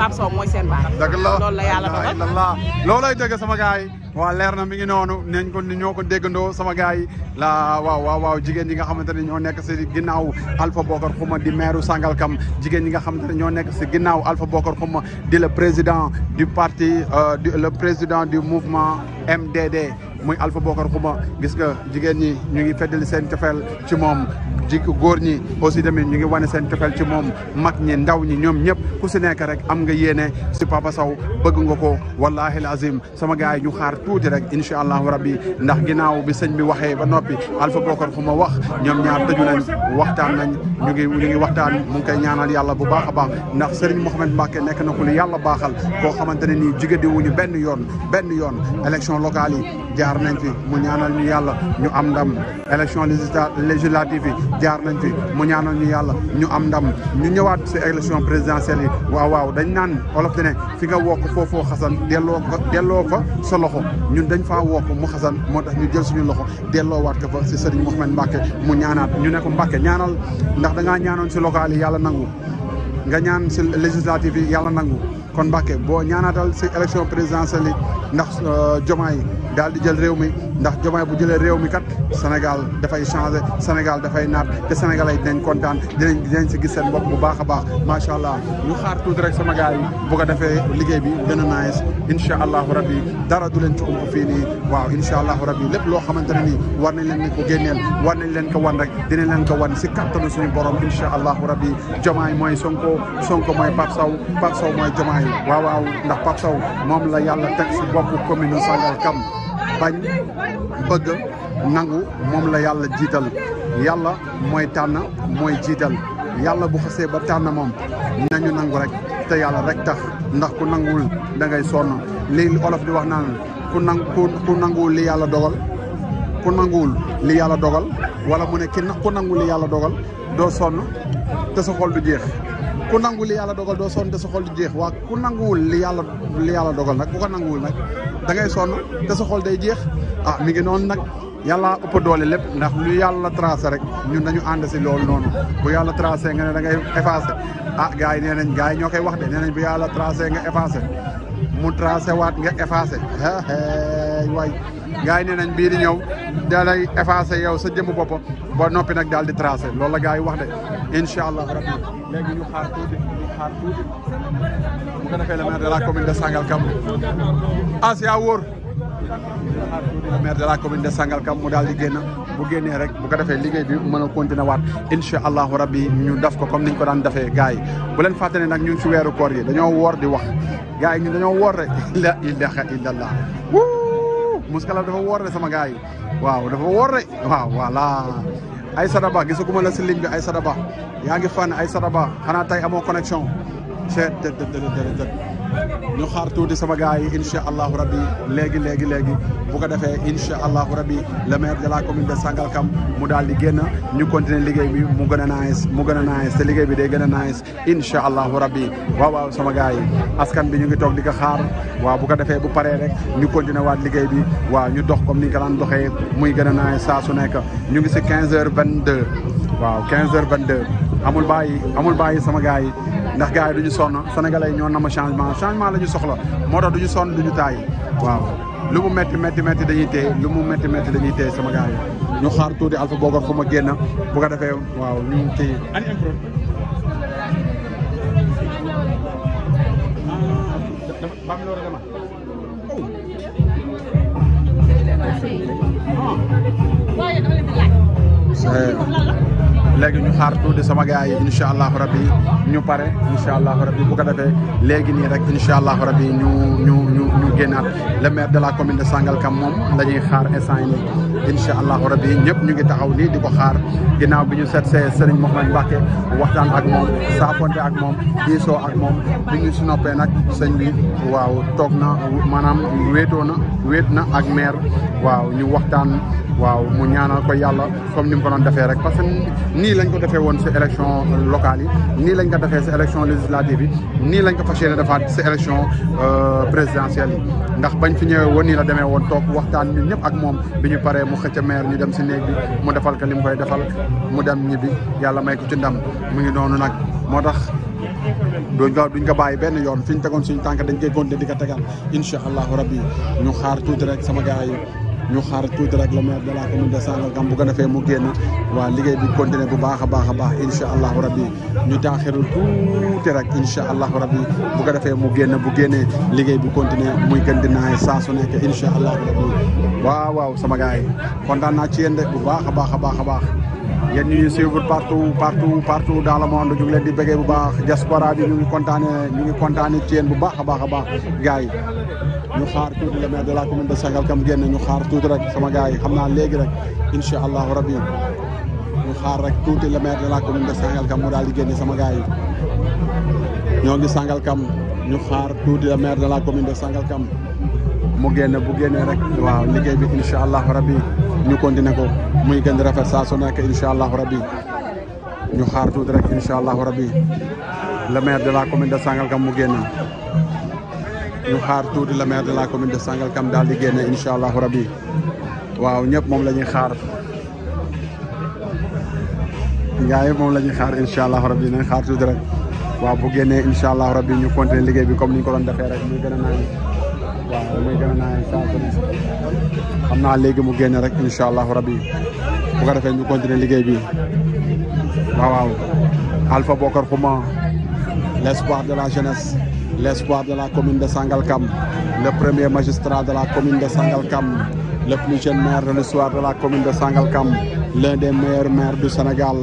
Pape Sow mooy seen baax dëgg la loolu la yàlla dogal loolay dëgg sama gars yi waaw leer na mi ngi noonu nañ ko ñoo ko déggandoo sama gars yi la waaw waaw waaw jigéen yi nga xamante ne ñoo nekk si ginnaaw Alpha Bokar Xuma di maire Sangalkam jigéen yi nga xamante ne ñoo nekk si ginnaaw Alpha Bokar Xuma di la président du parti euh, du le président du mouvement MDD muy Alpha Bokar Xuma gis nga jigéen ñi ñu ngi feddali seen cofeel ci moom ji góor ñi aussi tamit ñu ngi wane seen cofeel ci moom mat ñi ndaw ñi ñoom ñëpp ku si nekk rek am nga yéene si Papa saw bëgg nga ko wallahi lazim sama gars yi ñu xaar tuuti rek incha allahu rabbi ndax ginnaaw bi sëñ bi waxee ba noppi Alpha Bokar Xuma wax ñoom ñaar tëju nañ waxtaan nañ ñu ngi ñu ngi waxtaan mu ngi koy ñaanal yàlla bu baax a baax ndax Serigne Mouhamed Mbacke nekk na ku lu yàlla baaxal koo xamante ne nii jigéen di wuñu benn yoon benn yoon jaar nañ fi mu ñaanal ñu yàlla ñu am ndam élection législative yi jaar nañ fi mu ñaanal ñu yàlla ñu am ndam ñu ñëwaat si élection présidentielle yi waaw waaw dañ naan olof di ne fi nga wokk foofoo xasan delloo ko delloo fa sa loxo ñun dañ faa wokk mu xasan moo tax ñu jël suñu loxo delloo waat ko fa si sëriñ Mouhamed Mbacke mu ñaanaat ñu ne ko Mbacke ñaanal ndax da ngaa ñaanoon si local yàlla nangu nga ñaan si législative yi yàlla nangu kon Mbacke boo ñaanaatal si élection présidentielle yi ndax jomaa euh, yi daal di jël réew mi ndax jomaay bu jëlee réew mi kat Sénégal dafay changé Sénégal dafay naat te Sénégalais dinañ kontaan dinañ dinañ si gis seen bopp bu baax a baax macha allah ñu xaar tuuti rek sama gars yi bu ko defee liggéey bi gën a nice incha allahu rabbi dara du leen ci um fii nii waaw incha allahu rabbi lépp loo xamante ne nii war nañ leen ko génneel war nañ leen ko wan rek dinañ leen ko wan si kattanu suñu borom incha allahu rabbi jomaay mooy sonko sonko mooy Pape Sow Pape Sow mooy jomaay waaw waaw ndax Pape Sow moom la yàlla teg si bopp commune Sangalkam bañ bëgg nangu moom la yàlla jiital yàlla mooy tànn mooy jiital yàlla bu xasee ba tànn moom nañu nangu rek te yàlla rek tax ndax ku nanguwul dangay sonn lii olof di wax naan ku nangu ku nanguwul li yàlla dogal ku nanguwul li yàlla dogal wala mu ne ki ku nangu li yàlla dogal doo sonn te sa xol du jeex ku nangu li yàlla dogal doo sonn te sa xol di jeex waa ku nanguwul li yàlla li yàlla dogal nag ku ko nanguwul nag da ngay sonn te sa day jeex ah mi ngi noonu nag yàlla ëpp doole lépp ndax lu yàlla tracé rek ñun dañu ànd si loolu noonu bu yàlla tracé nga ne da ngay effacé ah gars yi nee nañ gars yi ñoo koy wax de nee nañ bu yàlla tracé nga effacé mu tracé waat nga effacé waay gars yi nee nañ bii di ñëw da lay yow sa jëmm bopp ba noppi nag daal di tracé loolu la gars yi wax de incha allah rabbi léegi ñu xaar tuuti ñu la commune de Sangalkam Asia ah, Wóor le maire de la commune de Sangalkam mu daal di génn bu génnee rek bu ko defee liggéey bi mën a continuer waat incha allahu rabbi ñu def ko comme niñ ko daan defee gars yi bu leen fàttali nag ñu ci weeru koor yi dañoo woor di wax gars yi ñun dañoo woor rek la ilaha illallah Mouss Kalaam dafa woor sama gars waaw dafa woor de waaw voilà. ay sadaba gisaguma la si ligne ay sadaba yaa ngi fànn ay sadaba xanaa tey amoo connexion c'est ñu xaar tuuti sama gars yi incha allahu rabi léegi léegi léegi bu ko defee incha allahu rabi le maire de la commune de Sangalkam mu daal di génn ñu continuer liggéey bi mu gën a nice mu gën a nice te liggéey bi day gën a nice incha allahu rabi waaw waaw sama gaa yi askan bi ñu ngi toog di ko xaar waaw bu ko defee bu paree rek ñu continuer waat liggéey bi waaw ñu dox comme ni ñu ko daan doxee muy gën a nice saa su nekk ñu ngi si 15 heures 22 waaw 15 heures 22 amul bàyyi amul bàyyi sama gars yi. ndax gars yi du ñu sonn sénégalais yi ñoo nama changement changement la ñu soxla moo tax du ñu sonn du ñu taay waaw lu mu métti métti métti dañuy téye lu mu métti dañuy téye sama gars yi ñu xaar tuuti Alpha Bokar fu ma génn bu ko defee waaw ñu kii. léegi ñu xaar tuuti sama gars yi incha allahu rabi ñu pare incha allahu rabi bu ko defee léegi nii rek incha allahu rabi ñu ñu ñu ñu génnaat le maire de la commune de Sangalkam moom la ñuy xaar instant yi nii incha allahu rabi ñëpp ñu ngi taxaw nii di ko xaar ginnaaw bi ñu seet see Serigne Mouhamed Mbacke waxtaan ak moom saafonte ak moom diisoo ak moom di ñu si noppee nag sëñ bi waaw toog na maanaam wéetoo na wéet na ak maire waaw ñu waxtaan. waaw mu ñaanal ko yàlla comme ni mu ko doon defee rek parce que nii lañ ko defee woon si élection locale yi nii lañ ko defee si élection législative yi nii lañ ko fas yéene defaat si élection euh, présidentielle yi ndax bañ fi ñëwee woon nii la demee woon toog waxtaan ñun ñëpp ak moom bi ñu paree mu xëcc maire ñu dem si néeg bi mu defal ko li mu koy defal mu dem ñibbi yàlla may ko ci ndam mu ngi noonu nag moo tax duñ ko duñ ko bàyyi benn yoon fi ñu tegoon suñ tànk dañ koy de di ko tegal incha allahu rabbi ñu xaar tuuti rek sama gars yi ñu xaar tuuti rek le maire de la commune de Sangalkam bu ko defee mu génn waa liggéey bi continuer bu baax a baax a baax incha allahu rabbi ñu taaxirul tuuti rek incha allahu rabbi bu ko defee mu génn bu génnee liggéey bi continuer muy gën di naay saa su nekk incha allahu rabbi waaw waaw sama gars yi kontaan naa ci yéen de bu baax a baax a baax a baax ngeen ñuy suivre partout partout partout dans le monde ñu ngi leen di bëggee bu baax diaspora bi ñu ngi kontaanee ñu ngi kontaanee ci yéen bu baax a baax a baax gars yi ñu xaar tuuti le maire de la commune de Sangalkam génn ñu xaar tuuti rek sama yi xam naa léegi rek incha allahu rabbi ñu xaar rek tuuti le maire de la commune de Sangalkam mu daal di génn sama gaay yi ñoo ngi Sangalkam ñu xaar tuuti le maire de la commune de Sangalkam mu génne bu génnee rek waaw liggéey bi incha allahu rabbi ñu continuer ko. mu gën di rafet saa su nekk incha allahu rabi ñu xaar tuuti rek incha allahu rabi le maire de la commune de Sangalkam mu génn ñu xaar tuuti le de la commune de Sangalkam daal di génne incha allahu rabi waaw ñëpp moom la ñuy xaar gars yi moom la ñuy xaar incha allahu rabi nañ xaar tuuti rek waaw bu génnee incha allahu rabi ñu continuer liggéey bi comme ni ñu ko doon defee rek muy gën a naan waaw muy gën a naan saa su nekk xam naa léegi mu génn rek incha allahu rabbi bu ko defee ñu continuer liggéey bi waaw waaw Alpha Bokar Xuma l'espoir de la jeunesse l'espoir de la commune de Sangalkam le premier magistrat de la commune de Sangalkam le plus jeune maire de l'histoire de la commune de Sangalkam l'un des meilleurs maires du Sénégal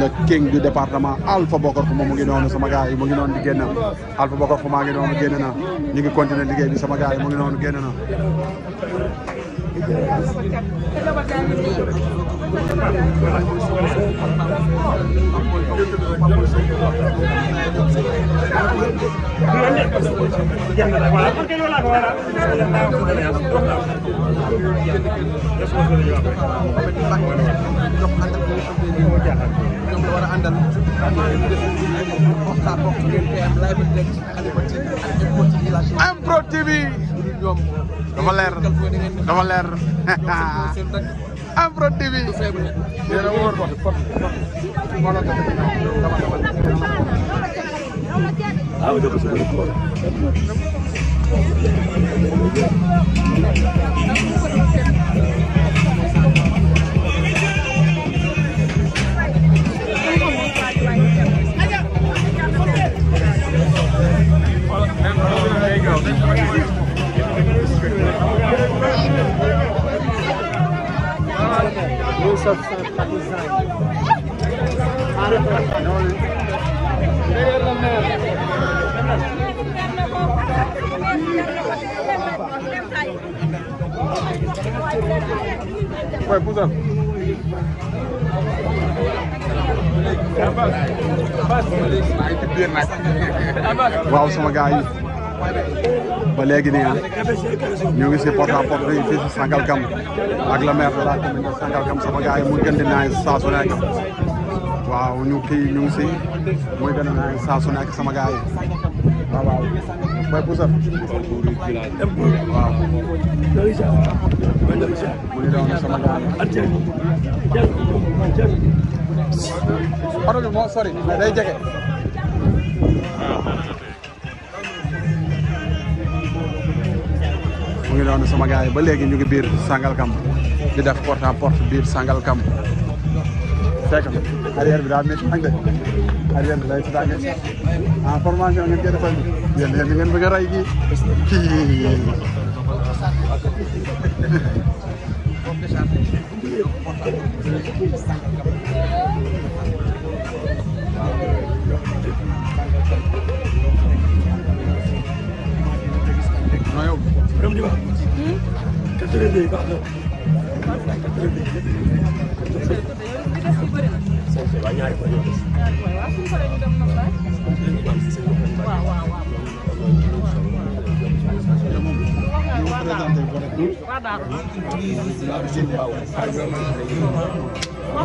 le king du département Alpha Bokar Xuma mu ngi noonu sama gars yi mu ngi noonu di génn Alpha Bokar Xuma ngi noonu génn na ñu ngi continuer liggéey bi sama gars yi mu ngi noonu génn na Impro TV ñoom dafa leer dafa leer am produit bi yéena wóor There you go. Ouais, pousse-en. Waaw sama gars yi ba léegi nii ah ñu ngi si porte à porte bi fii si Sangalkam ak le maire de la commune de Sangalkam sama gars yi muy gën di naaj saa ñu kii ñu ngi si muy gën di naaj saa su nekk sama gars yi waaw waaw bay Pousseur waaw mu ngi doon sama gars yi oto bi moo sori mais day jege ngi doon sama gars yi ba léegi ñu ngi biir Sangalkam di def porte à porte biir Sangalkam fekk arrière bi daa métti ak de arrière bi day tànge en formation ngeen koy defal yéen yéen ngeen bëgg a rey kii kii ñoom di wax. 82 baax na. 82. waaw ñaari ko ñoo des. waaw suñu paree ñu dem nag laaj. waaw waaw waaw. waaw daal. wax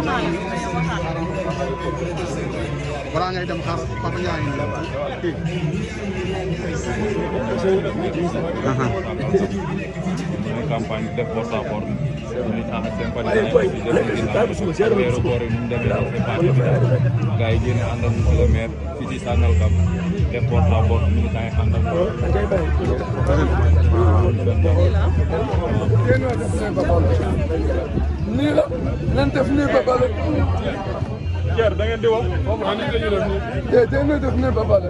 naa leen balaa ngay dem xaar Papa Ndiaye. initiative bi nekk fii ci mooy campagne def porte à porte militant ak sympathisant yi fi def ngir am weeru koor nu mu demee c'est pas évident gars yi génn ànd ak monsieur le maire fii ci Sangalkam def porte à porte ba bale Thier da ba bale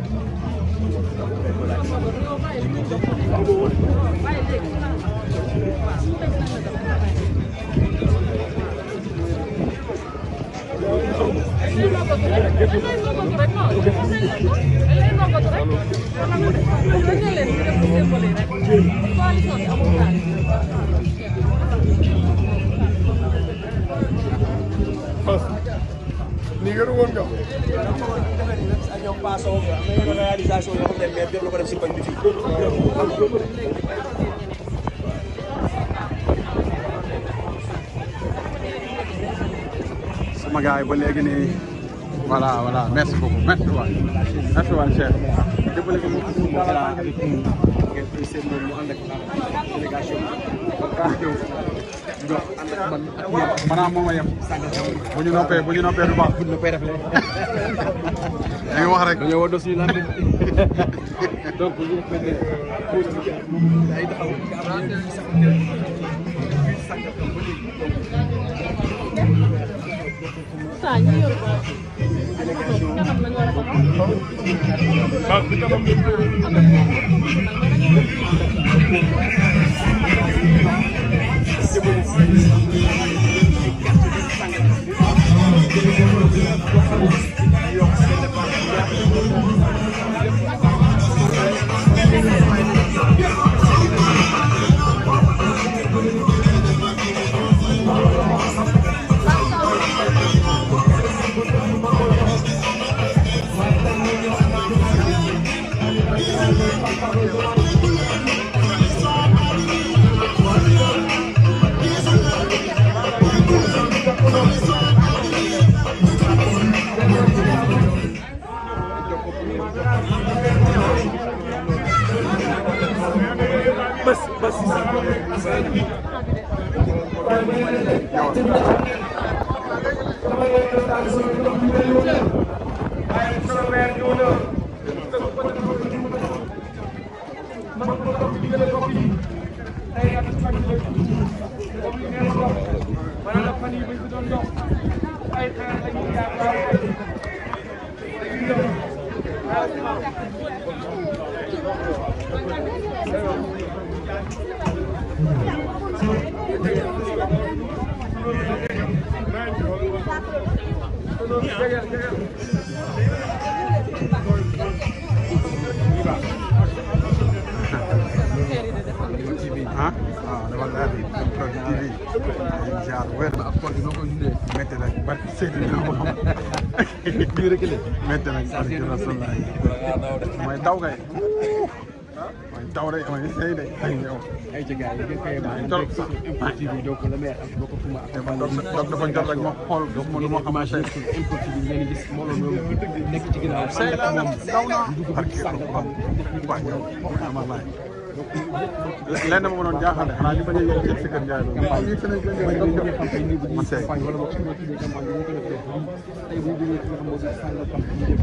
Ni gërëm woon nga passons am na yeneen réalisation yoo xam ne mais def na ko def si bañ bi fii sama gars yi ba léegi nii voilà voilà merci beaucoup merci waay merci waay cher jëppale ko mu voilà avec ngeen koy seen mu ànd ak délégation jox man yem bu ñu noppee bu ñu ñu noppee def leen da nga wax rek dañoo war dossier lan donc bu ñu defee ay taxaw sa ñu Thank you. bii reculé. métti nañ barke Rasulullah mooy daw kay. mooy daw day mooy day day ay yow. ay ci gars yi ngeen koy baax trop sax impact bi doo ko la may xam doo ko fuma ak dafa jot rek ma xool gis ma lu ma xam tey impact bi ngeen gis moo la loolu nekk ci ginnaaw say la moom daw naa barke Rasulullah waaw yow ama laay lenn ma mënoon jaaxal de xanaa ñu bañ a yëg si kër Ndiaye loolu.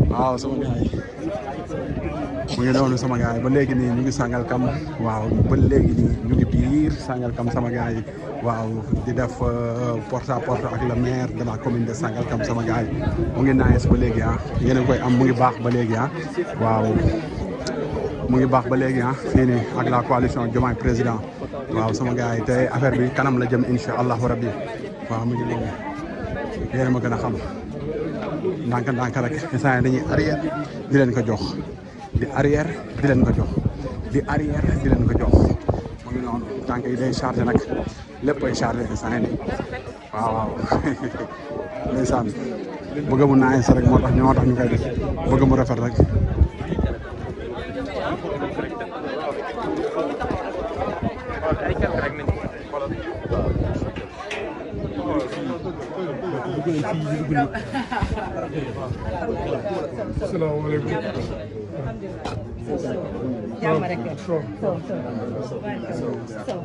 waaw sama gars mu ngi noonu sama gars yi ba léegi nii mu ngi Sangalkam waaw ba léegi nii ñu ngi biir Sangalkam sama gars yi waaw di def euh, porte à porte ak le maire de la commune de Sangalkam sama gars yi mu ngi nice ba léegi ah yéen koy am mu ngi baax ba léegi ah waaw mu ngi baax ba léegi ah fii nii ak la coalition Diomaye président waaw sama gars yi te affaire bi kanam la jëm incha allahu rabbi waaw mu ngi léegi yéen a ma gën a xam. ndànk ndànk rek instant yi dañuy arrière di leen ko jox di arrière di leen ko jox di arrière di leen ko jox mu ngi noonu tànk yi day chargé nag lépp ay chargé instant yi nii waaw waaw ndeysaan bëgg mu naaj rek moo tax ñoo tax ñu koy def bëgg mu rafet rek. salaamaaleykum. jàmm rek soo soo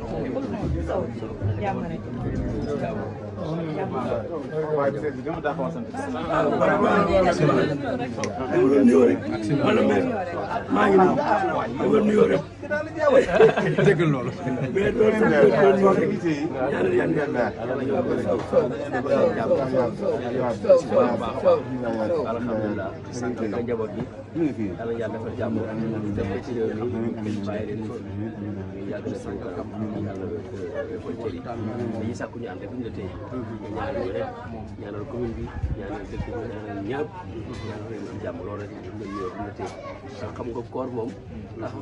soo maa ngi nii dafa nuyoo rek. dëgg loolu. mais loolu loolu moo koy gisee. ñaanal yan yan daal. alhamdulilah. sant na njaboot bi. yàlla yàlla defal jàmm. def ko ci réew mi. bàyyi leen fi. yàlla defal jàmm. autorités yi dañuy sàkku ñu ànd ak ñu la téye ñaanal ñu rek ñaanal commune bi ñaanal dëkk bi ñaanal ñaar ñaanal réew mi am jàmm loolu rek ñu ñëw ñu la téye ndax xam nga koor moom ndax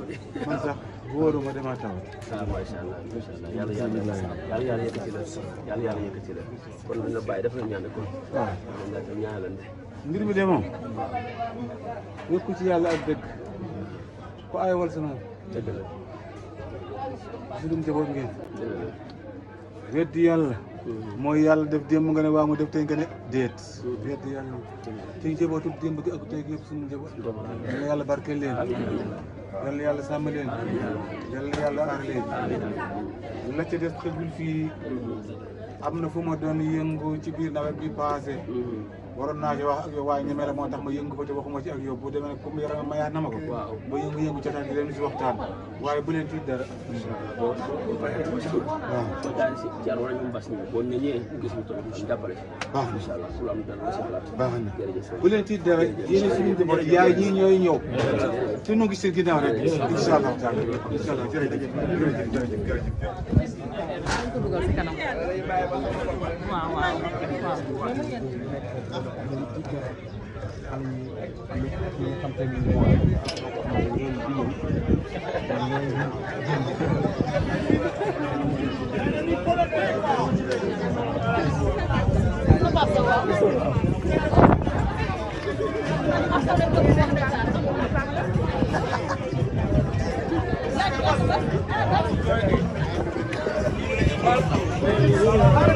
man sax wóoruma dama taw waaw macha allah macha allah yàlla yàlla yàlla yàlla yëkkati la yàlla yàlla yëkkati la kon luñ la bàyyi dafa la ñaan kon waaw la tam ñaanalante mbir mi de moom wékku ci yàlla ak dëgg ku aay wal sa moom dëgg la suñu njaboot ngeen weddi yàlla mooy yàlla def démb nga ne waa mu def te nga ne déet weddi yàlla ci njabootu démb gi ak tey gi yëpp suñu njaboot yàlla yàlla barkeel leen yàlla yàlla sàmm leen yàlla yàlla aar leen la ca des xëjul fii am na fu ma doon yëngu ci biir nawet bi passé waroon naa wax ak yow waaye ñeme la moo tax ma yëngu fa te waxuma ci ak yow bu demee yaa na ko. waaw ba yëngu-yëngu jotaay di leen si waxtaan. waaye bu leen tiit dara. boo boo paree ba si dugub. waaw boo daal si jaar wala ñu mbas ñu boo ñëwee gis ñu tamit ñu jàppale. baax na incha allah pour am dara la si xalaat. baax na bu leen tiit dara yéen a suñu njaboot yaay dañu tudd xale yi li nga xam te ne mooy loolu di ñëw dañuy jënd.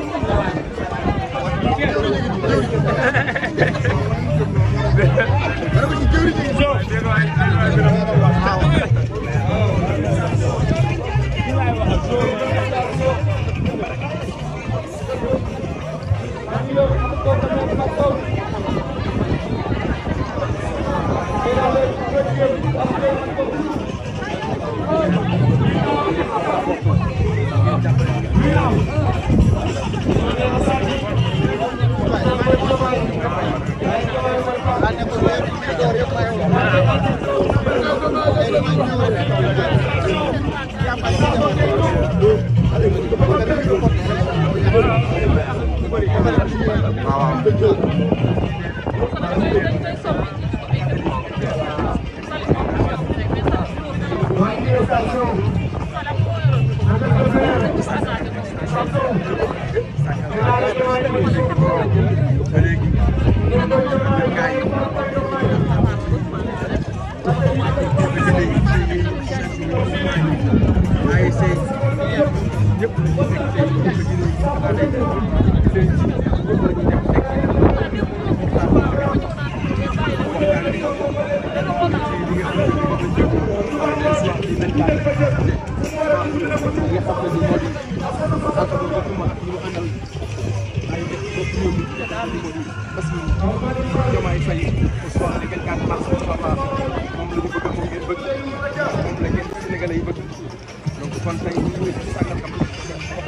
waaw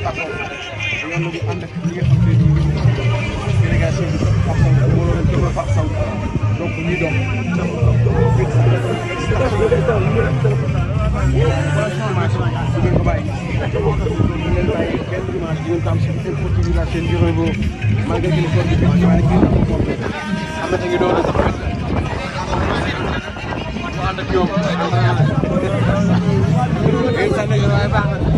taxaw dañoo nangu ànd ak ñi nga xam ne ñu ngi délégation bi Pape Sow moo doon jëmale Pape Sow donc ñuy dox. bu ngeen ko bàyyi bu ngeen bàyyi benn dimanche di ngeen ko am si seen continuation di rebo malgré que le corps du bi waaye ngeen am ko am na te ngi doon a sax ànd ak ñoom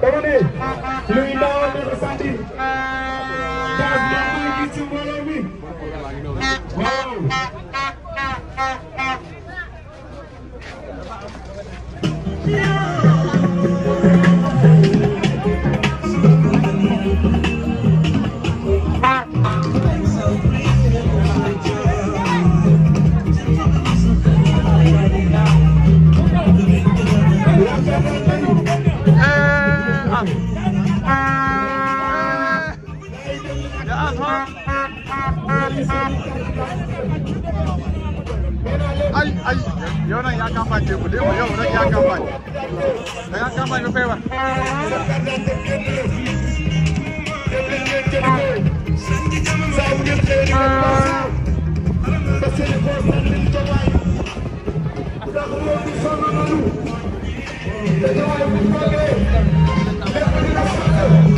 dama ne luy ndaawal ne ko sànni gaz bi yaa ngi gis ci mbooloo mi waaw ay ay yow nag yaa campagne démb démb yow nag yaa campagne da ngaa campagne ba feebar. Thank you.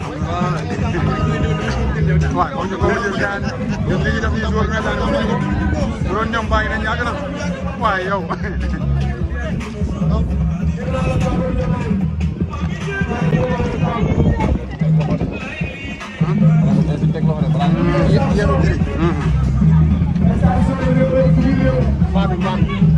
waaw kon ñu ko war a jël gars yi ñun li ñu def nii suba mel naa ne bu doon ñoom bàyyi nañ yàgg na waaye yow. yëpp yëpp.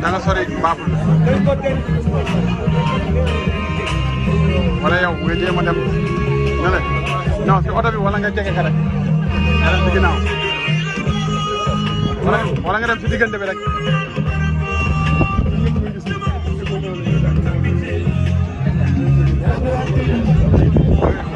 da nga sori baaxul. wala yow nga jéem a dem si oto bi wala nga jege ka rek. nga dem si ginnaaw. wala wala nga dem si diggante bi rek. Thank you.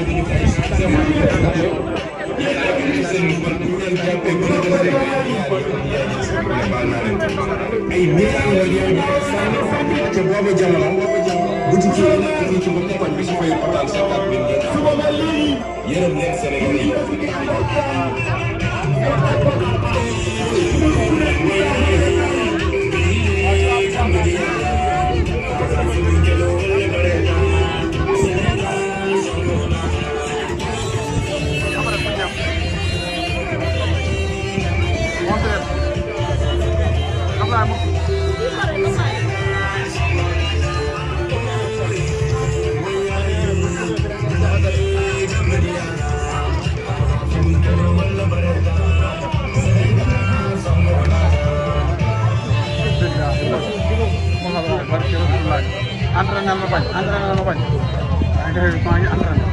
ay milliards la ñuy te boobu jamono boutique yi nekk fii ci bopp koñ bi su fay portal sa kàddu bi ngeen yërëm leen Sénégal yi ci rasulullah entraîné ma bañ entraîné ma bañ maa ngi defee maa ngi entraîné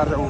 yaakaar ne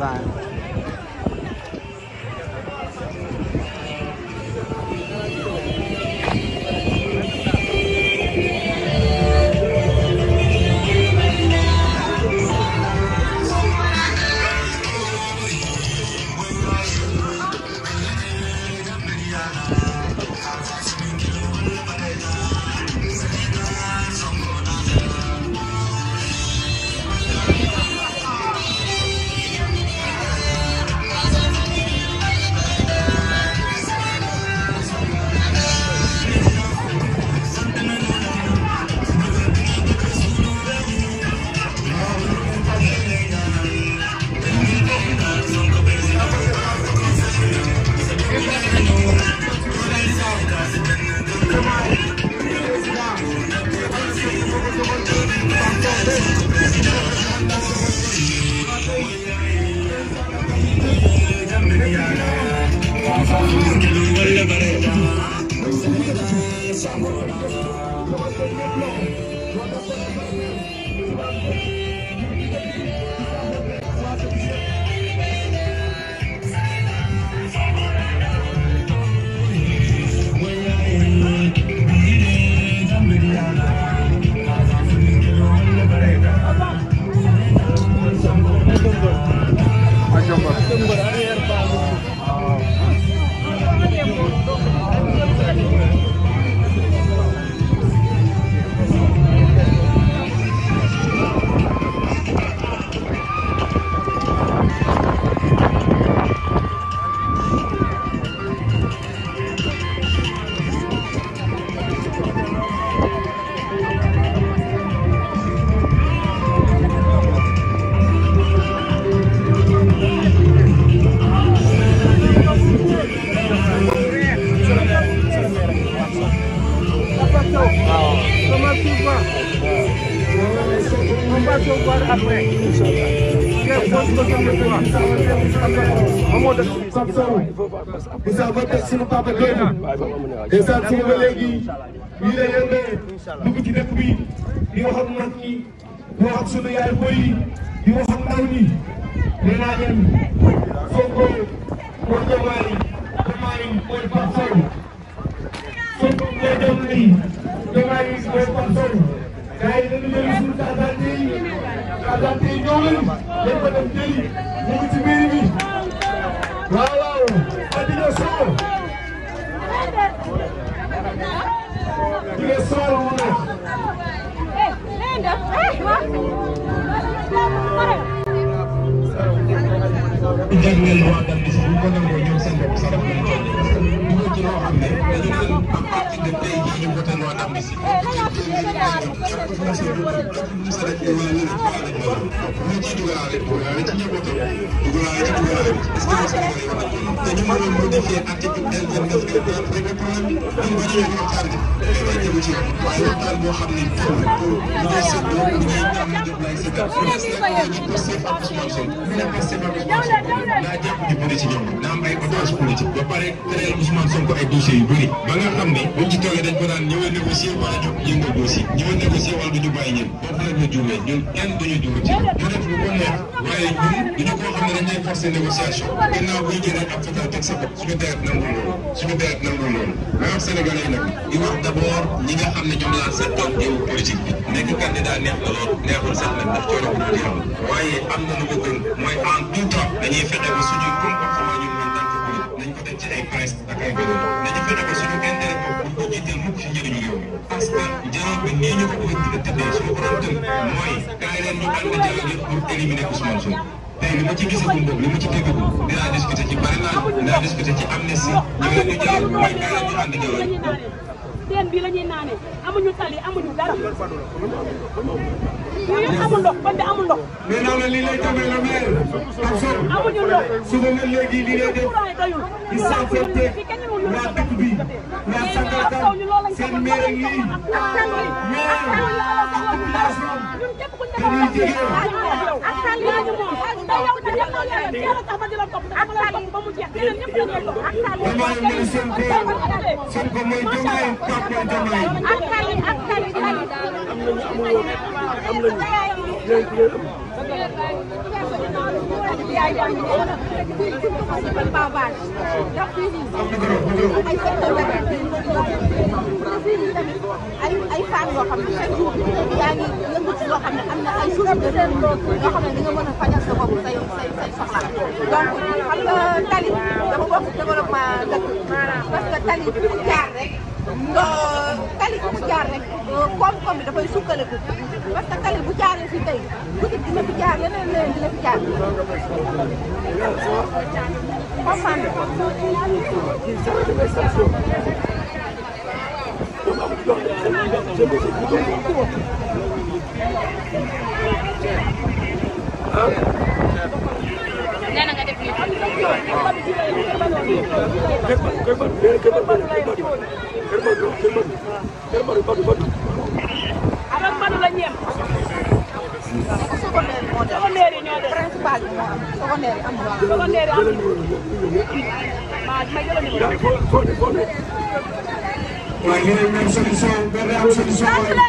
Papa Gueye. te sant ba léegi. association ginnaaw buy jël ak fetal teg sa bopp suñu deret nangu loolu suñu deret nangu loolu may wax sénégalais nag di wax d' abord ñi nga xam ne ñoom laa seetoon géewu politique bi nekk candidat neex na lool neexul sax nag ndax coono bu dul yàlla waaye am na lu ko gën mooy en tout temps dañuy fexe ba suñuy comportement ñun ñun tant que nañ ko def ci ay presse ak ay vélo nañu fexe ba suñu intérêt boobu buñ ko jiital mukk ci njëriñu réew mi parce que dialogue bi nii ñu ko bëgg a tëddee suñu ko doon tënk mooy kaay leen ñu ànd dialogue yëpp pour éliminer Ousmane Sonko mais li ma ci gisagum boobu li ma ci déggagum dinaa discuter ci parrainage dinaa discuter ci amnistie ñu ngi leen di jaay waaye kaay la ñu ànd ñëwal. teen bi la ñuy naane amuñu tali amuñu dara. ñun amul ndox ba te amul ndox. mais naa la lii lay tàmbali la maire. amuñu ndox suba nga léegi lii lay def. waa dëkk bi waa Sangalkam seen maire ak lii maire population dañuy jege damaa ne seen ko seen ko mooy Diomaye Papa Diomaye am nañu amoon am nañu yaay yaa ngi woon fii ci biir pavage ndax fii nii ay secteur la te fii nii tamit ay ay faar yoo xam ne chaque jour yaa ngi yëngu ci loo xam ne am na ay sources de revenus yoo xam ne di nga mën a fajal sa bopp say say say soxla donc xam nga tali dafa bokk développement dëkk parce que tali fu mu jaar rek. Euh, tali bu mu jaar rek euh, koom-koom bi dafay sukkaleku parce que tali bu jaaree fi tey boutique dina fi jaar leneen leneen dina fi jaar comprendre nee na nga def lii kër Badou kër Badou kër Badou Badou Badou. alors Badou la ñu yem. secondaire yi ñoo def principal bi moo am secondaire yi amul waaw secondaire yi amul. waaw ma jëloon numéro bi. waaw ñeneen ñoom solution benn am solution. solution.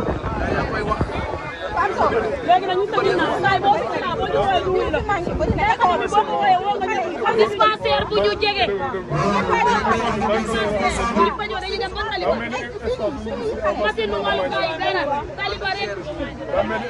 léegi nag ñu tëjee naa saa yi boo ko gis naa boo ñu wooyee ñu wuyu la. école bi boo ko wooyee woo nga ñu dispensaire bu ñu jege. ñun ba ñëw dañuy dem ba Taliba. machine nu wàllu kaay yi day na Taliba rek. ah yëpp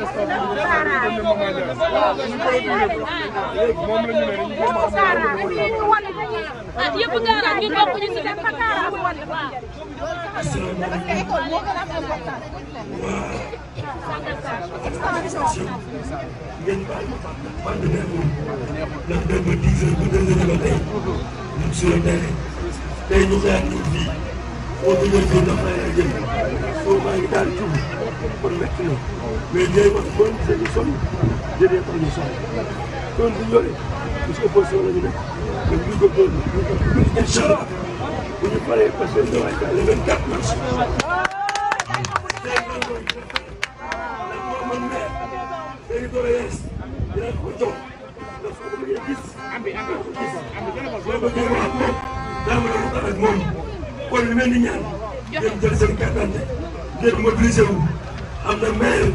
Kaaraan ñun bokkuñu si. waaw. extension ngeen baal man de benn ndax dem ba dix heures ba deux heures ba tey ñun sur le terrain tey ñu xëyaat ñu fii boo ko jël fii dafa lay jël foo maa ngi daal tuub kon métti na mais ñooy wax bon dañu sonn jëlee ko ñu sonn kon bu ñoree parce que opposition la ñu nekk te bu ñu ko doon ñu ko incha allah bu ñu paree parce que le 24 mars dañu doon yees dinañ ko jox daf ko bëgg a gis. am bi am bi gis am bi gën a ko gis ak moom daa mën a waxtaan ak moom kon li mel ni ñaan ngeen jël seen carte d'identité ngeen mobilisé wu am na maire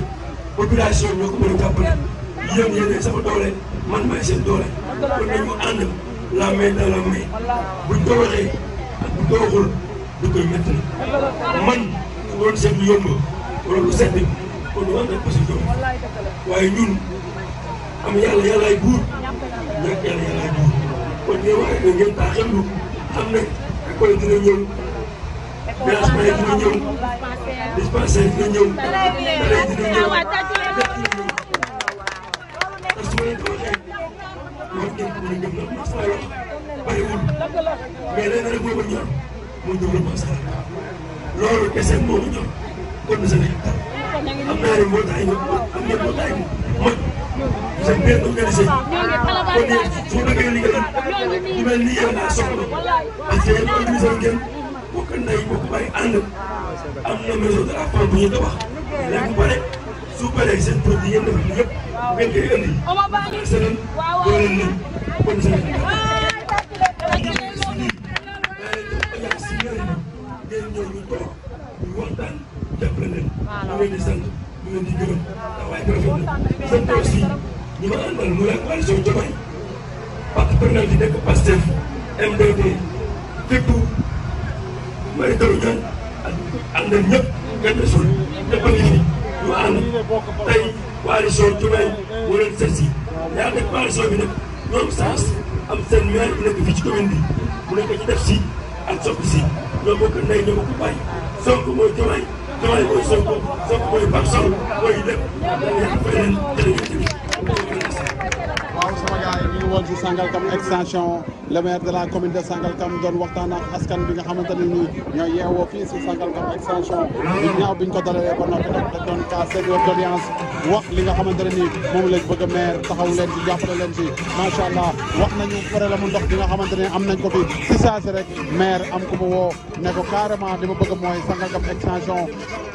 population ñoo ko mën a jàppale yéen yéen sama doole man maay seen doole kon nañu ànd la main dans la main buñ ko waxee ak buñ ko waxul du koy métti man su doon seetlu yomb wala lu sedd. kon war nañ ko waaye ñun am yàlla yàllaay buur ñàkk yàlla yàllaay buur kon ñoom wax na ngeen baaxee lu xam ne école dina ñëw ménagement yi dina ñëw dispensaire yi dina ñëw dara yi dina ñëw parce ngeen ko mën a moo ma loolu kese moo ma kon du sa affaire yi mbootaay ñu am na mbootaay bu mag c'est bien organisé kon yéen su bëggee li nga def ñu mel ni yéen laa soxla parce que yéen organisé ngeen bokk ndey bokk bàyyi ànd am na maison de la femme bu ñu tabax léegi bu pare su paree seen produit yéen def yëpp ngeen koy indi sëriñ doo leen lim kon sëriñ ngeen ñëw ñu toog ñu waxtaan jàppale leen. waaw ñu ngi leen di sant ñu ngi leen di gërëm taxawaay bi rafet na sant aussi ñi ma àndal muy la coalition Diomaye parti prenant di nekk Pastef MDD fépp Mary Teuw Niane ak àndal ñëpp kenn desul ñëpp a ngi fi ñu ànd tey coalition Diomaye moo leen seet si yaa nekk coalition bi nag ñoom saas am seen maire bu nekk fii ci commune bi mu nekk ci def si ak soppi si ñoo bokk ndey ñoo bokk bàyyi Sonko mooy Diomaye doole mooy Sonko Sonko mooy Pape Sow mooy lépp ngi woon si Sangalkam extension le maire de la commune de Sangalkam doon waxtaan ak askan bi nga xamante ne nii ñooy yeewoo fii si Sangalkam extension bi ñaaw bi ñu ko dalalee ba noppi nag doon cas seen doléance wax li nga xamante ne nii moom lañ bëgg a maire taxaw leen si jàppale leen si macha allah wax nañu problème mu ndox bi nga xamante ne am nañ ko fi si saasi rek maire am ku mu woo ne ko carrément li ma bëgg mooy Sangalkam extension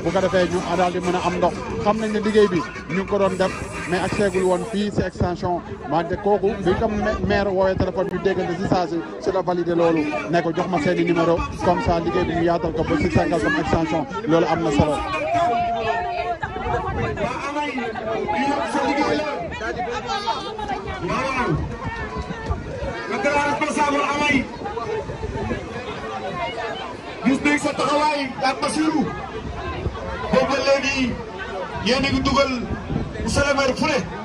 bu ko defee ñu daal di mën a am ndox xam nañ ne liggéey bi ñu ngi ko doon def mais accès gul woon fii si extension wante kooku bi comme maire woowee téléphone ñu déggante si saa si si la validé loolu ne ko jox ma seeni numéro comme ça liggéey bi ñu yaatal ko ba si sangal comme extension loolu am na solo le grand responsable amay gis nañ sa taxawaay ak Bassirou boobu léegi yéen a ngi dugal monsieur le maire fu ne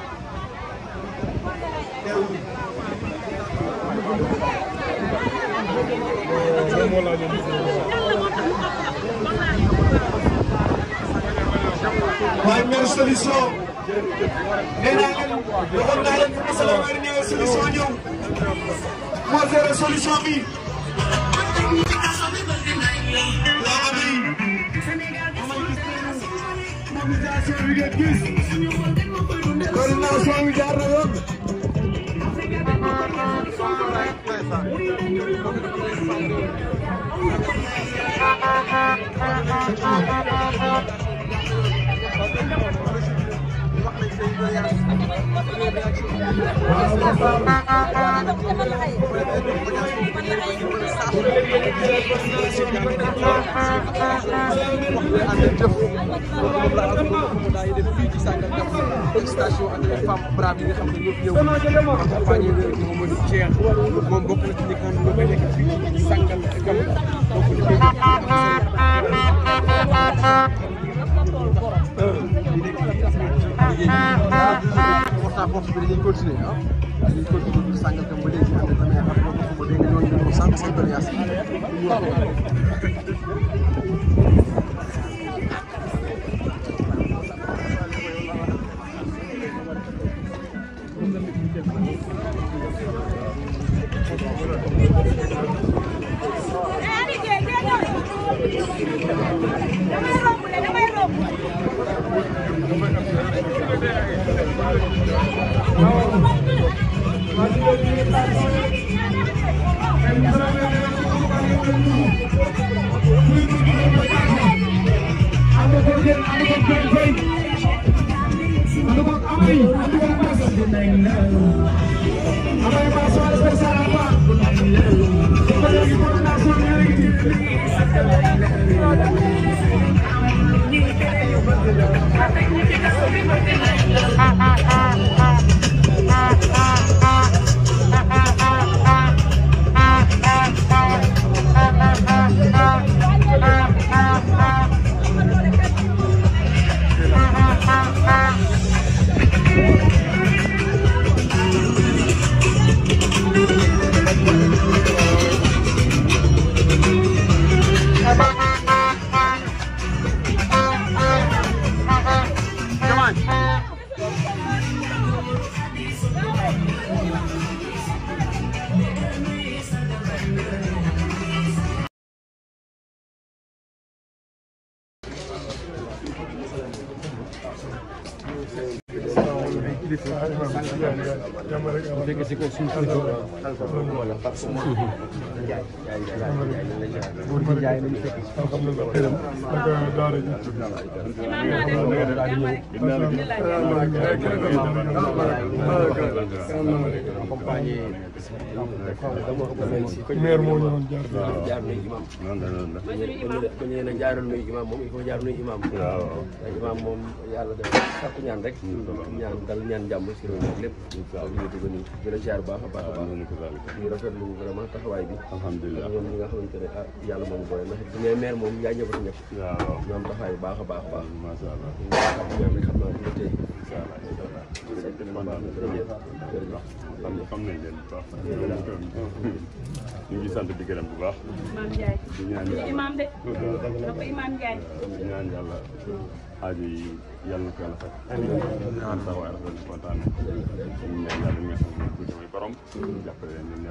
waaye mère solution nee naa leen waxoon naa leen que Salaam a ñëw solution ñëw moo fere solution bi. waaw amiin. coordination bi jaar na yoon. son the right place. station ak les femmes braves yi nga xam ne ñoo ñëw accompagné leen moom mooy Jeex moom bokk na ci ñi nga xam ne ñoo nekk fii sàngal ak gam bokk na ci pourtant porte bi dañuy continuer ah dañuy continuer di sàngal tam ba léegi am na tamit xam nga ba dégg ñooñu ñu sànq seen I think we can have something like that. Ndiaye. Ndiaye Ndiaye Ndiaye Ndiaye maire moo ñu doon jaar nuyu imam kon a jaaroon nuyu imam moom il faut jaar nuyu imam imam moom yàlla def sàkku ñaan rek ñaan dal ñaan jàmm si réew mi lépp a jaar baax a baax a baax ñu rafetlu ne ah yàlla moom du ne maire moom a nekk ñoom baax a baax a baax ñaan rek xam nañ leen bu baax. ñu ngi sant di gërëm bu baax. di ñaan yàlla imaam de. na ko imaam Ndiaye. di ñaan yàlla aajo yi yàlla na ko yàlla faj. amiin taxawaay rafet kontaan nañ. ñaan yàlla ñu ngi sant borom. jàppale leen ñu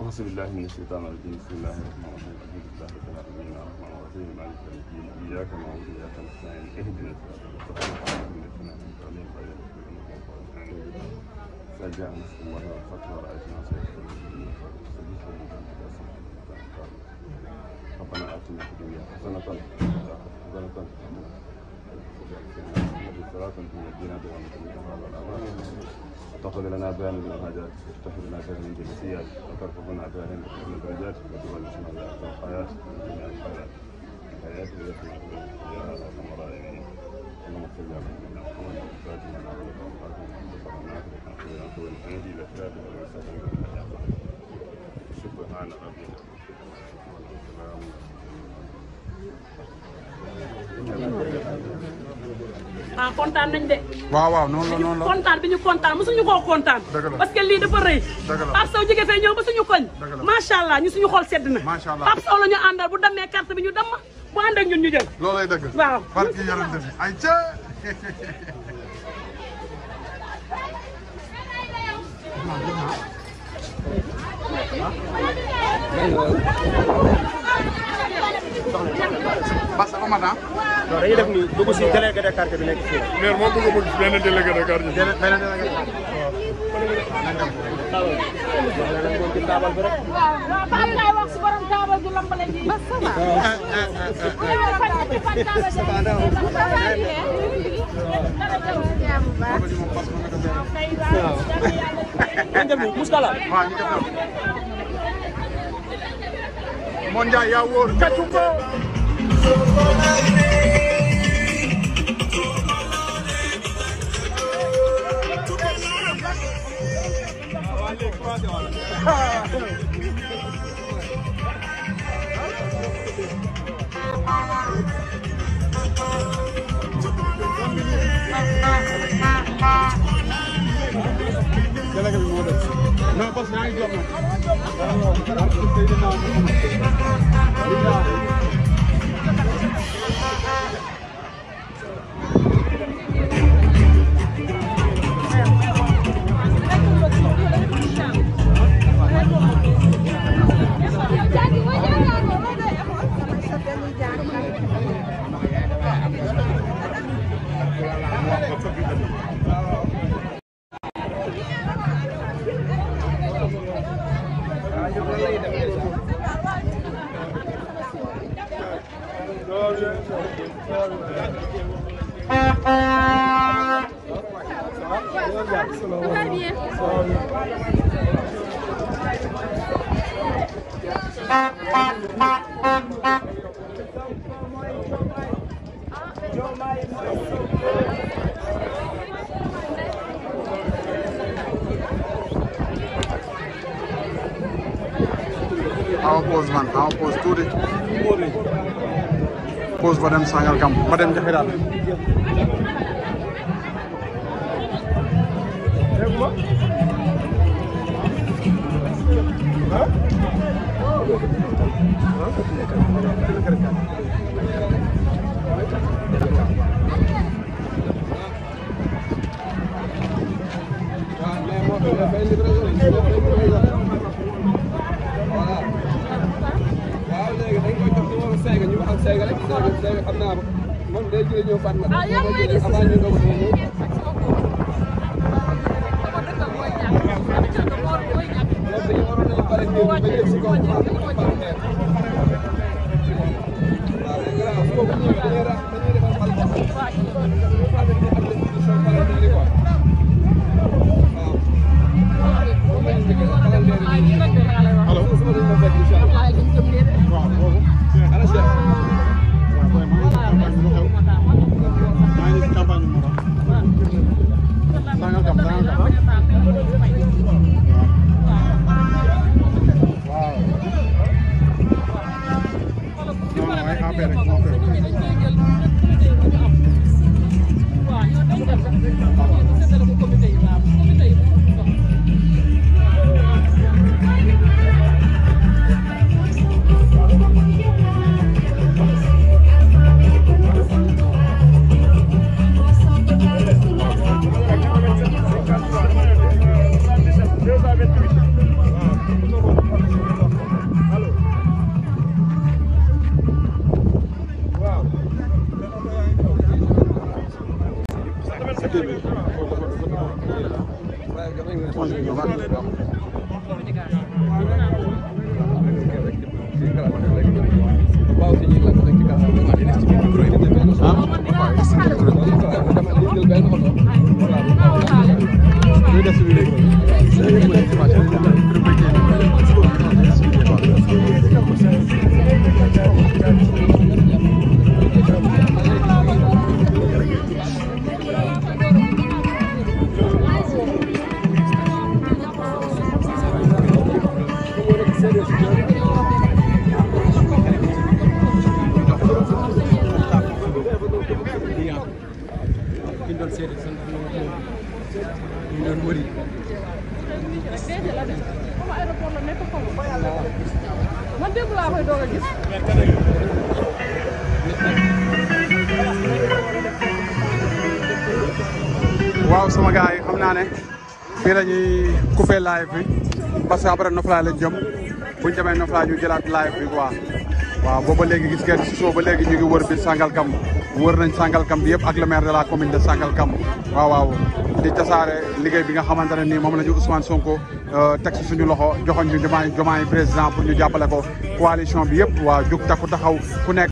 أعوذ بالله من الشيطان الرجيم بسم الله الرحمن الرحيم الحمد لله رب العالمين الرحمن الرحيم مالك يوم الدين إياك نعبد وإياك نستعين اهدنا الصراط المستقيم صراط الذين أنعمت عليهم غير المغضوب عليهم ولا الضالين فجاء نصر الله والفتح ورأيت الناس يدخلون ربنا آتنا في الدنيا حسنة حسنة وقنا عذاب النار تقبل لنا بيان الحاجات وافتح لنا شر من جنسيات وترفعنا بيان من الدرجات وتبارك لنا الحياة من جميع الحالات الحياة ويسمع يا ارحم الراحمين اللهم صل على سيدنا محمد وعلى اله وصحبه وسلم وبارك على سيدنا محمد وعلى اله وصحبه وسلم ah kontaan nañ de. waaw waaw noonu la noonu la kontaan bi ñu kontaan mosuñu koo kontaan. parce que lii dafa rëy. dëgg la Pape Sow jóge fee suñu koñ. macha ñu suñu xol sedd na. macha allah ñu àndal bu demee carte bi ñu dem bu ànd ñun ñu jël. ay ca. Thank Bass dafa mat ah. non dañuy def nii dugg si délégué de quartier bi nekk fii. maire moo bëgg a bëgg benn délégué de quartier. benn benn délégué de quartier. waaw. wax si borom taabal ju lamb la ji. waaw. waaw. waaw. Mon Ndiaye yaa wóor kàccu ko délégué bi moo dem non bos yaa ngi jóg nag awa pause man awa pause tuuti pause ba dem Sangalkam ba dem Jaxiraat ah yaa ngi may gis Сегодня, сегодня. live bi parce que après noflaay lañ jëm bu ñu demee noflaay ñu jëlaat live bi booba léegi gis si soo léegi ñu wër bi Sangalkam wër nañ Sangalkam bi yëpp ak maire de la commune de Sangalkam waaw waaw di tasaare liggéey bi nga xamante ne nii moom la ñu Ousmane Sonko euh, teg si suñu loxo joxoon ñu jomaay jomaay président pour ñu jàppale ko coalition bi yëpp waaw jug takku taxaw ku nekk.